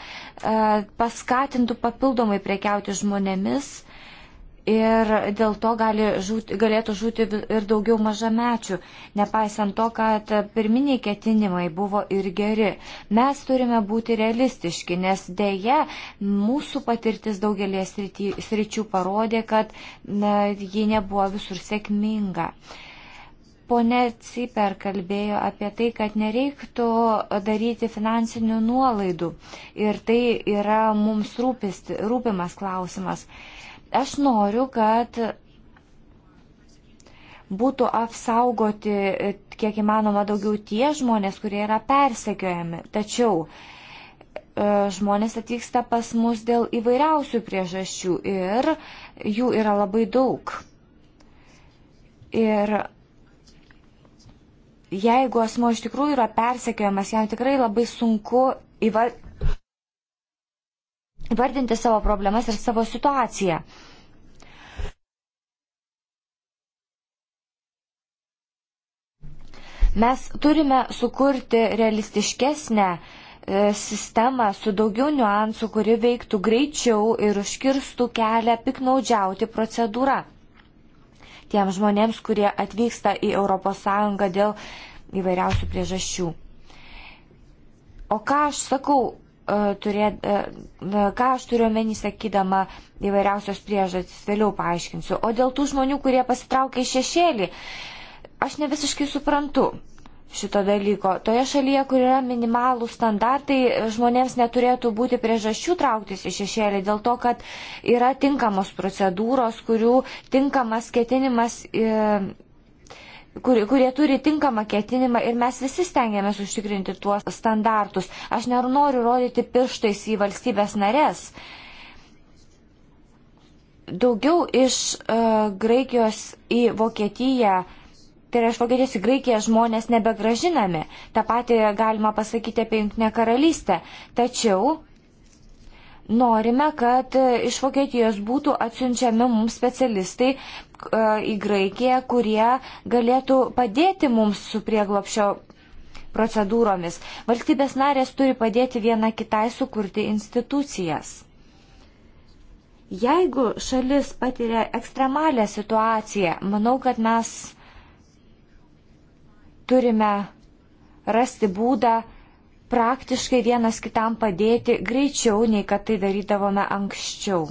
paskatintų papildomai prekiauti žmonėmis ir dėl to gali žūti, galėtų žūti ir daugiau mažamečių, nepaisant to, kad pirminiai ketinimai buvo ir geri. Mes turime būti realistiški, nes dėje mūsų patirtis daugelį sričių parodė, kad na, ji nebuvo visur sėkminga. Pone Ciper kalbėjo apie tai, kad nereiktų daryti finansinių nuolaidų ir tai yra mums rūpist, rūpimas klausimas. Uh, Aš noriu, kad būtų apsaugoti kiek įmanoma daugiau tie žmonės, kurie yra persekiojami. Tačiau e, žmonės atvyksta pas mus dėl įvairiausių priežasčių ir jų yra labai daug. Ir jeigu asmo iš tikrųjų yra persekiojamas, jam tikrai labai sunku įvardinti vardinti savo problemas ir savo situaciją. Mes turime sukurti realistiškesnę e, sistemą su daugiau niuansų, kuri veiktų greičiau ir užkirstų kelią piknaudžiauti procedūrą. Tiem žmonėms, kurie atvyksta į ES dėl įvairiausių priežasčių. O ką aš sakau, E, turėt, e, e, ką aš turiu omeny sakydama įvairiausios priežastys, vėliau paaiškinsiu. O dėl tų žmonių, kurie pasitraukia į šešėlį, aš ne visiškai suprantu šito dalyko. Toje šalyje, kur yra minimalų standartai, žmonėms neturėtų būti priežasčių trauktis į šešėlį dėl to, kad yra tinkamos procedūros, kurių tinkamas ketinimas kur, kurie turi tinkamą ketinimą ir mes visi stengiamės užtikrinti tuos standartus. Aš nenoriu rodyti pirštais į valstybės narės. Daugiau iš uh, Graikijos į Vokietiją, tai yra iš Vokietijos į Graikiją žmonės nebegražinami. Ta pati galima pasakyti apie Junktinę karalystę. Tačiau norime, kad iš Vokietijos būtų atsiunčiami mums specialistai, E, į Graikiją, kurie galėtų padėti mums su prieglopšio procedūromis. Valstybės narės turi padėti viena kitai sukurti institucijas. Jeigu šalis patiria ekstremalią situaciją, manau, kad mes turime rasti būdą praktiškai vienas kitam padėti greičiau, nei kad tai darydavome anksčiau.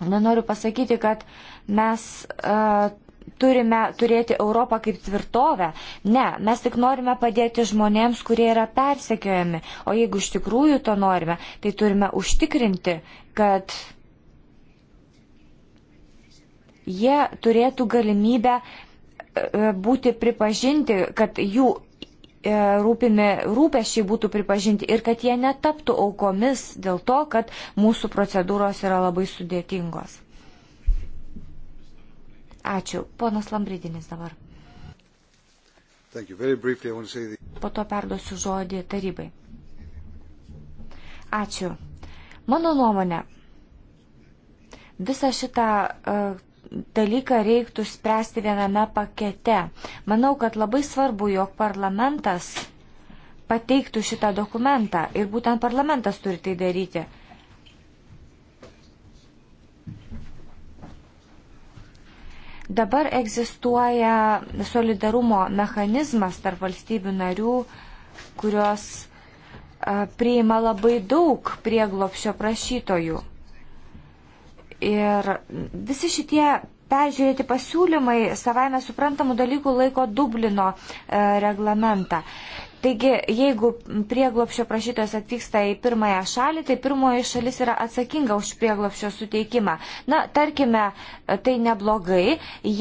Noriu pasakyti, kad mes uh, turime turėti Europą kaip tvirtovę. Ne, mes tik norime padėti žmonėms, kurie yra persekiojami. O jeigu iš tikrųjų to norime, tai turime užtikrinti, kad jie turėtų galimybę e, e, būti pripažinti, kad jų E, rūpimi rūpešiai būtų pripažinti ir kad jie netaptų aukomis dėl to, kad mūsų procedūros yra labai sudėtingos. Ačiū. Ponas Lambridinis dabar. Briefly, po to perduosiu žodį tarybai. Ačiū. Mano nuomonė, visą šitą uh, e, dalyką reiktų spręsti viename pakete. Manau, kad labai svarbu, jog parlamentas pateiktų šitą dokumentą ir būtent parlamentas turi tai daryti. Dabar egzistuoja solidarumo mechanizmas tarp valstybių narių, kurios priima labai daug prieglopšio prašytojų. Ir visi šitie peržiūrėti pasiūlymai savaime suprantamų dalykų laiko Dublino e, reglamentą. Taigi, jeigu prieglopšio prašytojas atvyksta į pirmąją šalį, tai pirmoji šalis yra atsakinga už prieglopšio suteikimą. Na, tarkime, e, tai neblogai,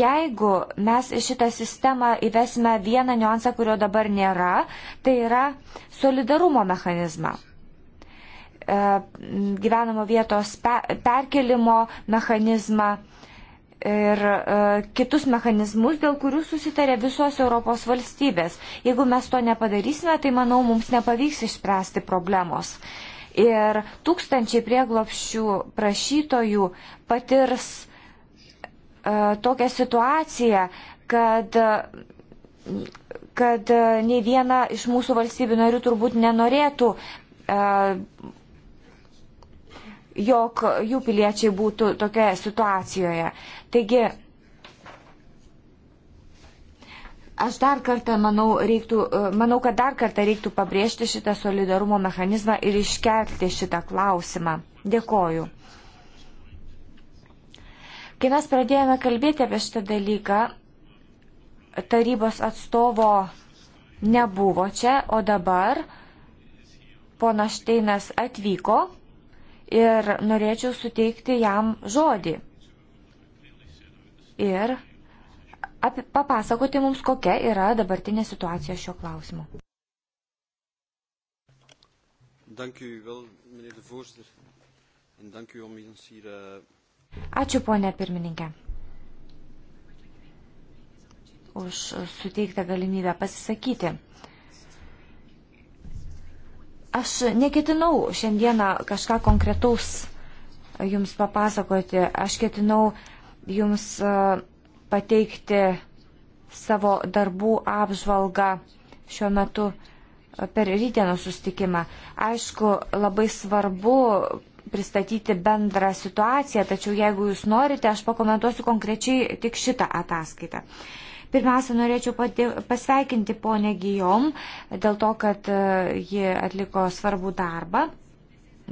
jeigu mes šitą sistemą įvesime vieną niuansą, kurio dabar nėra, tai yra solidarumo mechanizmą. E, gyvenamo vietos perkelimo mechanizmą ir e, kitus mechanizmus, dėl kurių susitarė visos Europos valstybės. Jeigu mes to nepadarysime, tai manau, mums nepavyks išspręsti problemos. Ir tūkstančiai prieglopščių prašytojų patirs e, tokią situaciją, kad kad nei viena iš mūsų valstybių narių turbūt nenorėtų jog jų piliečiai būtų tokioje situacijoje. Taigi, aš dar kartą manau, reiktų, e, manau, kad dar kartą reiktų pabrėžti šitą solidarumo mechanizmą ir iškelti šitą klausimą. Dėkoju. Kai mes pradėjome kalbėti apie šitą dalyką, tarybos atstovo nebuvo čia, o dabar ponas Šteinas atvyko ir norėčiau suteikti jam žodį. Ir apie, papasakoti mums, kokia yra dabartinė situacija šiuo klausimu. Eh, Ačiū, ponė pirmininkė, už suteiktą galimybę pasisakyti. Aš neketinau šiandieną kažką konkretaus jums papasakoti. Aš ketinau jums e, pateikti savo darbų apžvalgą šiuo metu e, per rytienų sustikimą. Aišku, labai svarbu pristatyti bendrą situaciją, tačiau jeigu jūs norite, aš pakomentuosiu konkrečiai tik šitą ataskaitą. Uh, Pirmiausia, norėčiau pati, pasveikinti ponę Gijom dėl to, kad e, ji atliko svarbų darbą.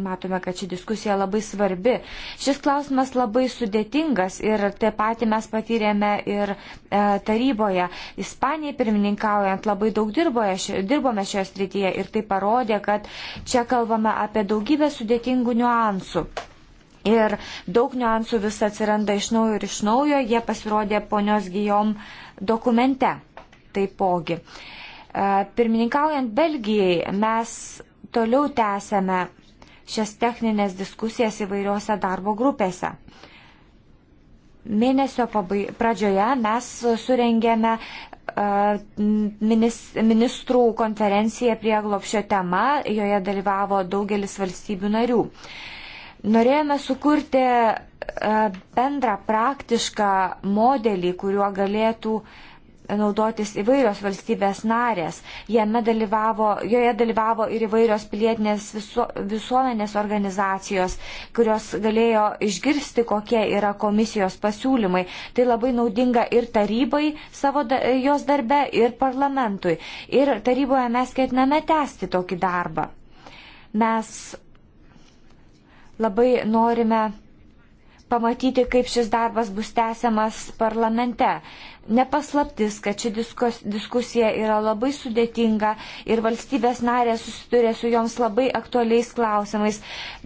Matome, kad ši diskusija labai svarbi. Šis klausimas labai sudėtingas ir taip pat mes patyrėme ir e, taryboje. Ispanijai pirmininkaujant labai daug dirboje, dirbome šioje srityje ir tai parodė, kad čia kalbame apie daugybę sudėtingų niuansų. Ir daug niuansų vis atsiranda iš naujo ir iš naujo, jie pasirodė ponios Gijom dokumente taipogi. E, pirmininkaujant Belgijai mes toliau tęsėme šias techninės diskusijas įvairiuose darbo grupėse. Mėnesio pabai, pradžioje mes surengėme e, ministrų konferenciją prie glopšio tema, joje dalyvavo daugelis valstybių narių. Uh, Norėjome sukurti e, bendrą praktišką modelį, kuriuo galėtų naudotis įvairios valstybės narės. Jame dalyvavo, joje dalyvavo ir įvairios pilietinės visu, visuomenės organizacijos, kurios galėjo išgirsti, kokie yra komisijos pasiūlymai. Tai labai naudinga ir tarybai savo da, jos darbe, ir parlamentui. Ir taryboje mes ketiname tęsti tokį darbą. Mes Labai norime pamatyti, kaip šis darbas bus tęsiamas parlamente. Nepaslaptis, kad ši diskus, diskusija yra labai sudėtinga ir valstybės narės susiduria su joms labai aktualiais klausimais.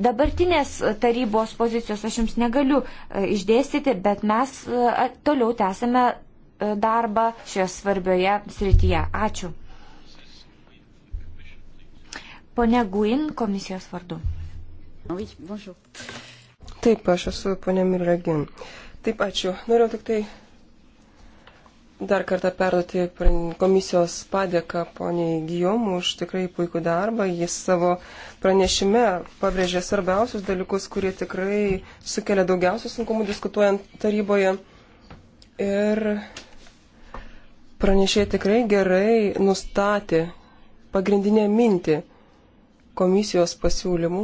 Dabartinės tarybos pozicijos aš jums negaliu e, išdėstyti, bet mes e, toliau tęsime e, darbą šioje svarbioje srityje. Ačiū. Pone Guin, komisijos vardu. Oui, bonjour. Taip, aš esu ponė Miragin. Taip, ačiū. Norėjau tik tai dar kartą perduoti komisijos padėką poniai Gijom už tikrai puikų darbą. Jis savo pranešime pabrėžė svarbiausius dalykus, kurie tikrai sukelia daugiausių sunkumų diskutuojant taryboje. Ir pranešė tikrai gerai nustatė pagrindinę mintį komisijos pasiūlymų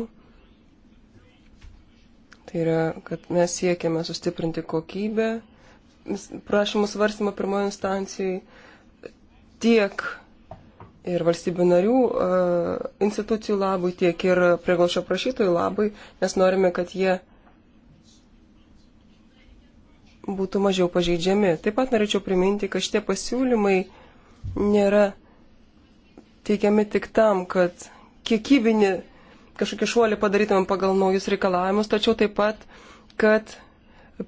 Tai yra, kad mes siekiame sustiprinti kokybę prašymų svarstymo pirmojo instancijai tiek ir valstybių narių institucijų labui, tiek ir prieglaušio prašytojų labui, nes norime, kad jie būtų mažiau pažeidžiami. Taip pat norėčiau priminti, kad šitie pasiūlymai nėra teikiami tik tam, kad kiekybinį kažkokį šuolį padarytumėm pagal naujus reikalavimus, tačiau taip pat, kad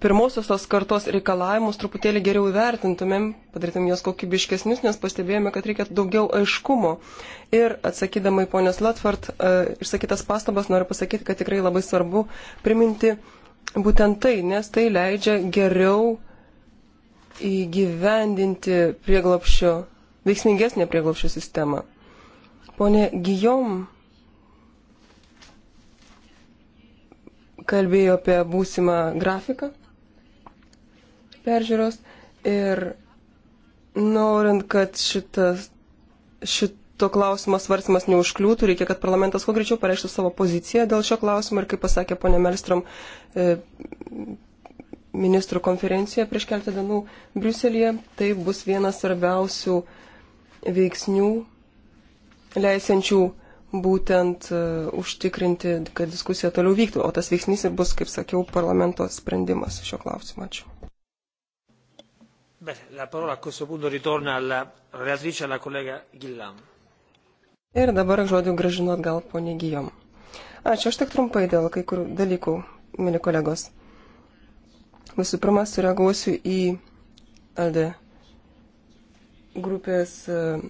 pirmosios tos kartos reikalavimus truputėlį geriau įvertintumėm, padarytumėm juos kokybiškesnius, nes pastebėjome, kad reikia daugiau aiškumo. Ir atsakydama į ponės Latford e, išsakytas pastabas, noriu pasakyti, kad tikrai labai svarbu priminti būtent tai, nes tai leidžia geriau įgyvendinti prieglopščio, veiksmingesnę prieglopščio sistemą. Pone Gijom kalbėjo apie būsimą grafiką peržiūros ir norint, kad šitas, šito klausimo svarstymas neužkliūtų, reikia, kad parlamentas kuo greičiau pareikštų savo poziciją dėl šio klausimo ir kaip pasakė ponė Melstrom e, ministrų konferencijoje prieš keletą dienų Briuselėje, tai bus vienas svarbiausių veiksnių leisiančių būtent e, užtikrinti, kad diskusija toliau vyktų, o tas veiksnys ir bus, kaip sakiau, parlamento sprendimas šio klausimo. Ačiū. Ir dabar žodį gražinu atgal ponė Gijom. Ačiū, aš tik trumpai dėl kai kurių dalykų, mėly kolegos. Visų pirma, sureaguosiu į AD grupės uh,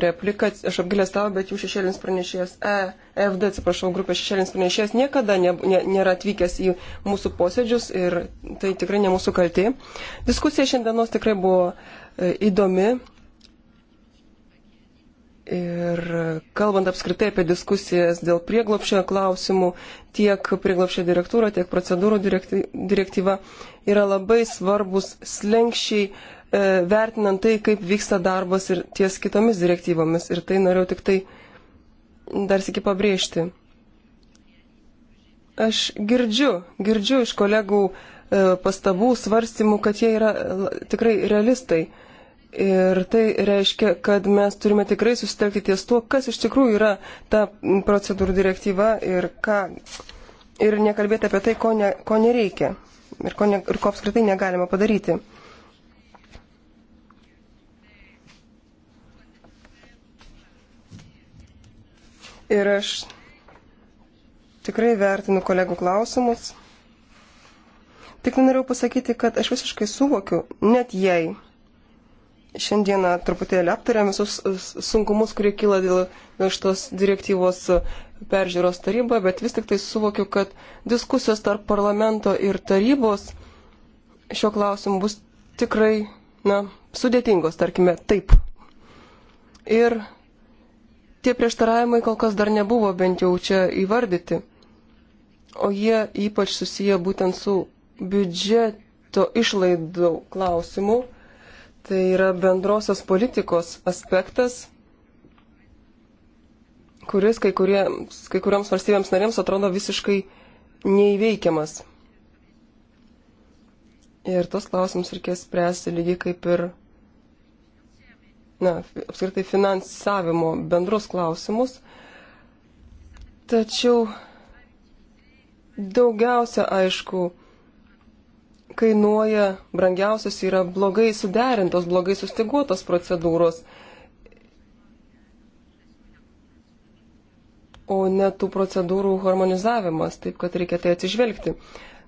repliką, aš apgailestauju, bet jų šešėlinis pranešėjas, EFD, atsiprašau, grupės šešėlinis pranešėjas niekada ne, ne, nėra atvykęs į mūsų posėdžius ir tai tikrai ne mūsų kalti. Diskusija šiandienos tikrai buvo e, įdomi. Ir kalbant apskritai apie diskusijas dėl prieglopšio klausimų, tiek prieglopšio direktūra, tiek procedūrų direktyva yra labai svarbus slengščiai E, vertinant tai, kaip vyksta darbas ir ties kitomis direktyvomis. Ir tai norėjau tik tai dar sėki pabrėžti. Aš girdžiu, girdžiu iš kolegų e, pastabų, svarstymų, kad jie yra e, tikrai realistai. Ir tai reiškia, kad mes turime tikrai susitelkti ties tuo, kas iš tikrųjų yra ta procedūrų direktyva ir ką. Ir nekalbėti apie tai, ko, ne, ko nereikia ir ko, ne, ir ko apskritai negalima padaryti. Ir aš tikrai vertinu kolegų klausimus. Tik norėjau pasakyti, kad aš visiškai suvokiu, net jei šiandieną truputėlį aptarėm visus sunkumus, kurie kyla dėl, dėl šitos direktyvos peržiūros taryba, bet vis tik tai suvokiu, kad diskusijos tarp parlamento ir tarybos šio klausimu bus tikrai, na, sudėtingos, tarkime, taip. Ir tie prieštaravimai kol kas dar nebuvo bent jau čia įvardyti. O jie ypač susiję būtent su biudžeto išlaidų klausimu. Tai yra bendrosios politikos aspektas, kuris kai, kurie, kai kurioms valstybėms narėms atrodo visiškai neįveikiamas. Ir tos klausimus reikės spręsti lygiai kaip ir na, apskritai finansavimo bendrus klausimus. Tačiau daugiausia, aišku, kainuoja, brangiausios yra blogai suderintos, blogai sustiguotos procedūros, o ne tų procedūrų harmonizavimas, taip kad reikia tai atsižvelgti.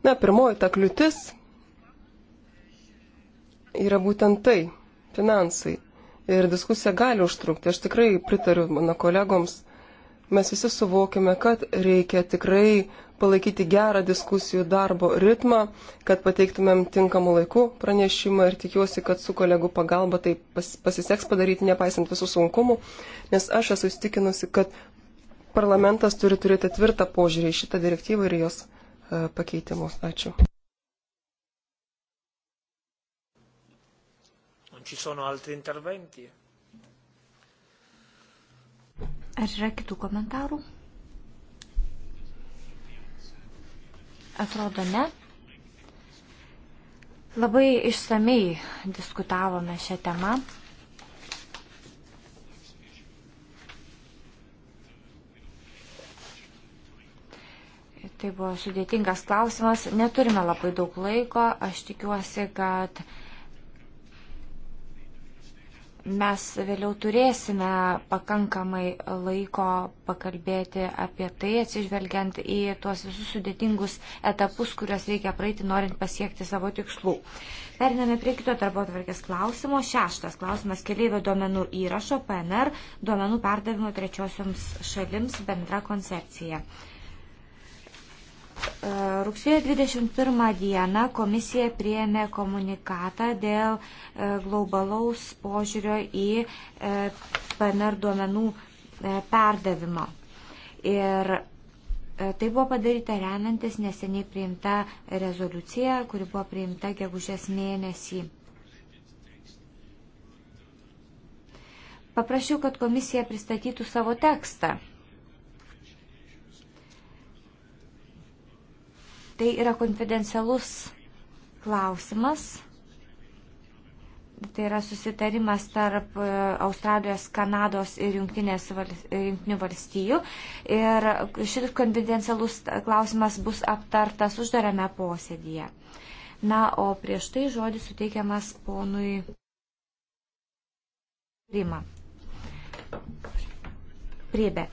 Na, pirmoji ta kliūtis yra būtent tai - finansai ir diskusija gali užtrukti. Aš tikrai pritariu mano kolegoms. Mes visi suvokime, kad reikia tikrai palaikyti gerą diskusijų darbo ritmą, kad pateiktumėm tinkamų laikų pranešimą ir tikiuosi, kad su kolegų pagalba tai pas, pasiseks padaryti, nepaisant visų sunkumų, nes aš esu įstikinusi, kad parlamentas turi turėti tvirtą požiūrį į šitą direktyvą ir jos e, pakeitimus. Ačiū. Non ci sono altri interventi? Ar yra kitų komentarų? Atrodo, ne. Labai išsamei diskutavome šią temą. Tai buvo sudėtingas klausimas. Neturime labai daug laiko. Aš tikiuosi, kad mes vėliau turėsime pakankamai laiko pakalbėti apie tai, atsižvelgiant į tuos visus sudėtingus etapus, kuriuos reikia praeiti, norint pasiekti savo tikslų. Periname prie kito darbo atvarkės klausimo. Šeštas klausimas - keliaivio duomenų įrašo PNR duomenų perdavimo trečiosioms šalims bendra koncepcija. E, rugsėjo 21 dieną komisija priėmė komunikatą dėl e, globalaus požiūrio į e, PNR duomenų perdavimo. Ir tai buvo padaryta remiantis neseniai priimta rezoliucija, kuri buvo priimta gegužės mėnesį. Paprašiau, kad komisija pristatytų savo tekstą. Tai yra konfidencialus klausimas. Tai yra susitarimas tarp e, Australijos, Kanados ir Junktinių valstijų. Ir šitas konfidencialus klausimas bus aptartas uždarame posėdėje. Na, o prieš tai žodis suteikiamas ponui Rima. Priebė.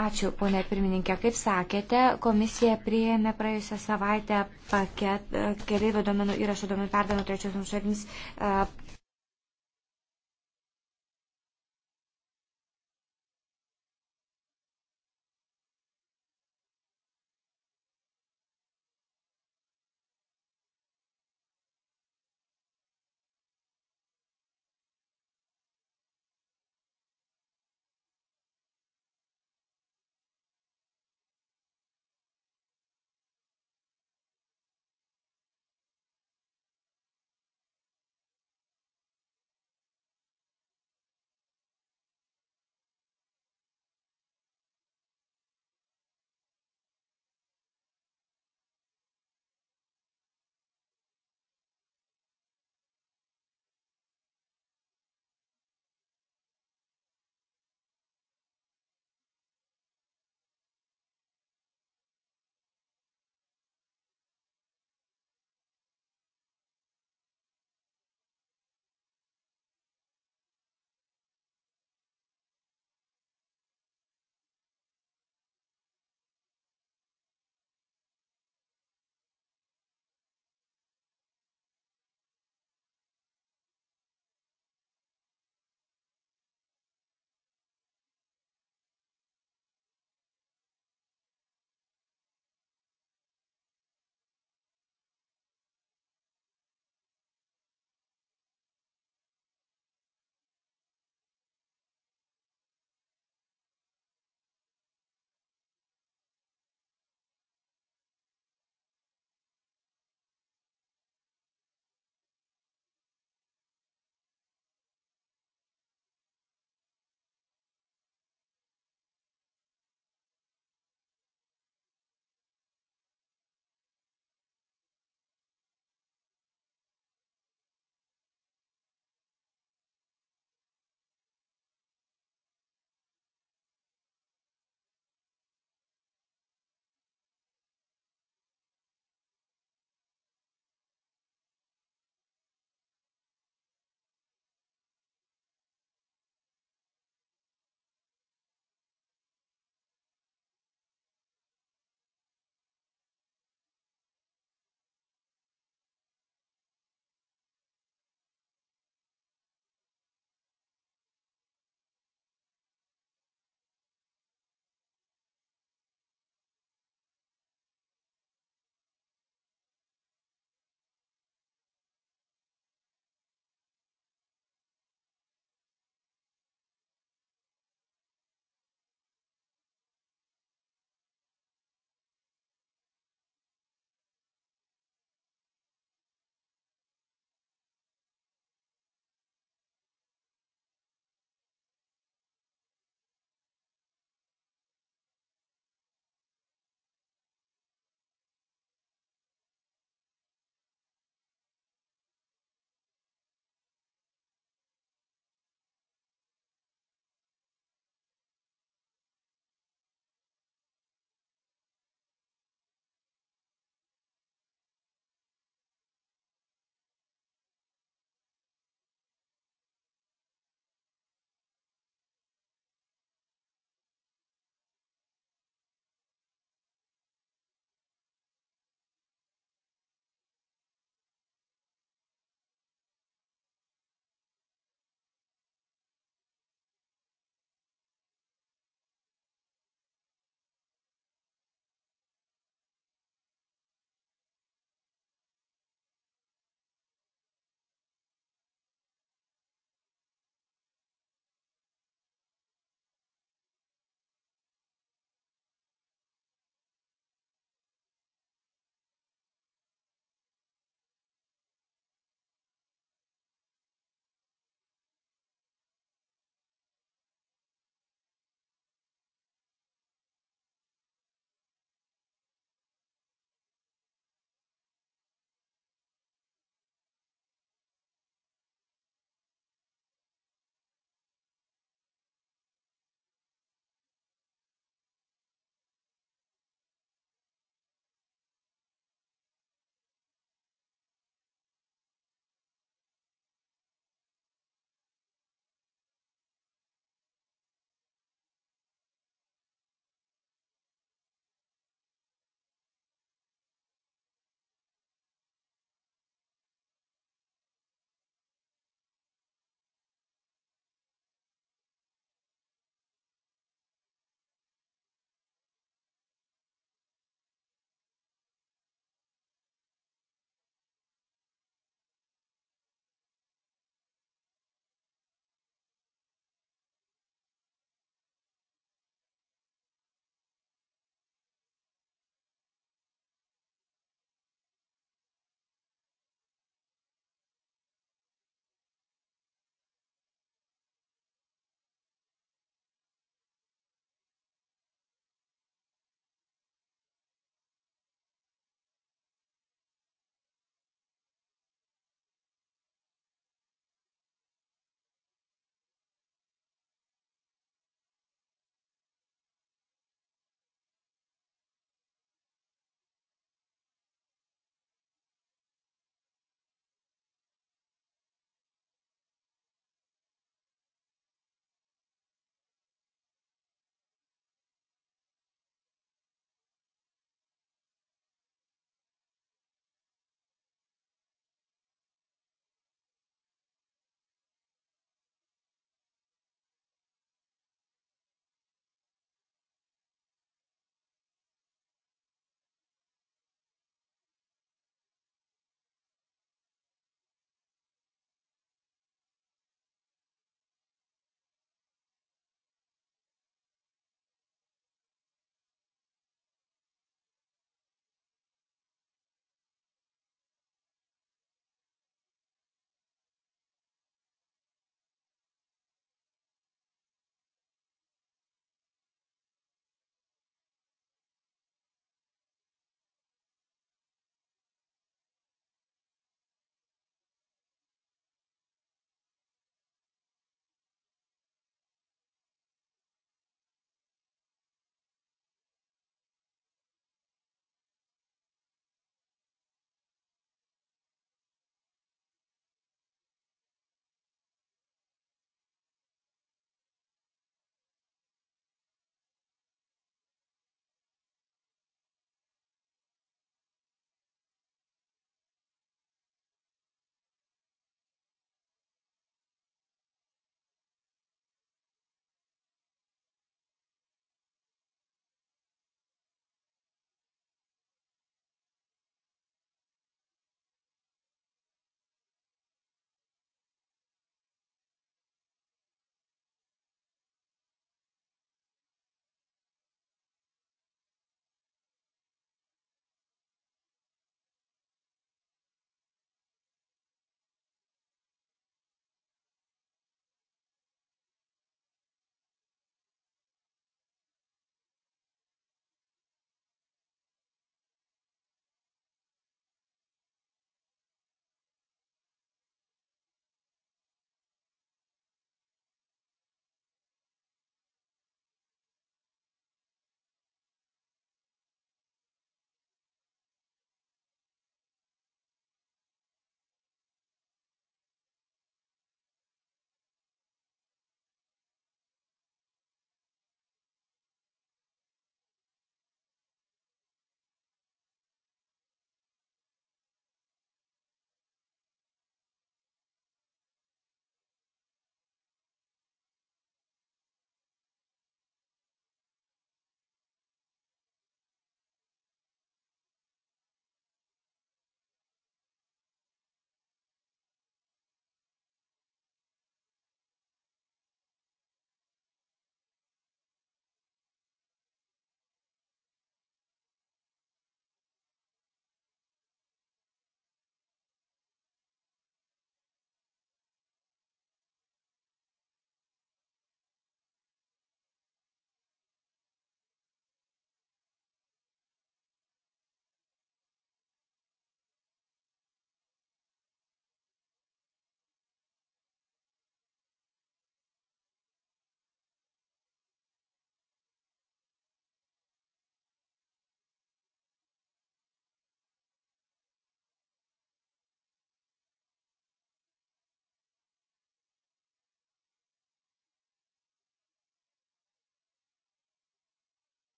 Ačiū, ponė pirmininkė. Kaip sakėte, komisija prieėmė praėjusią savaitę paket keliaivių duomenų įrašo duomenų perdavimo trečiosiams šalims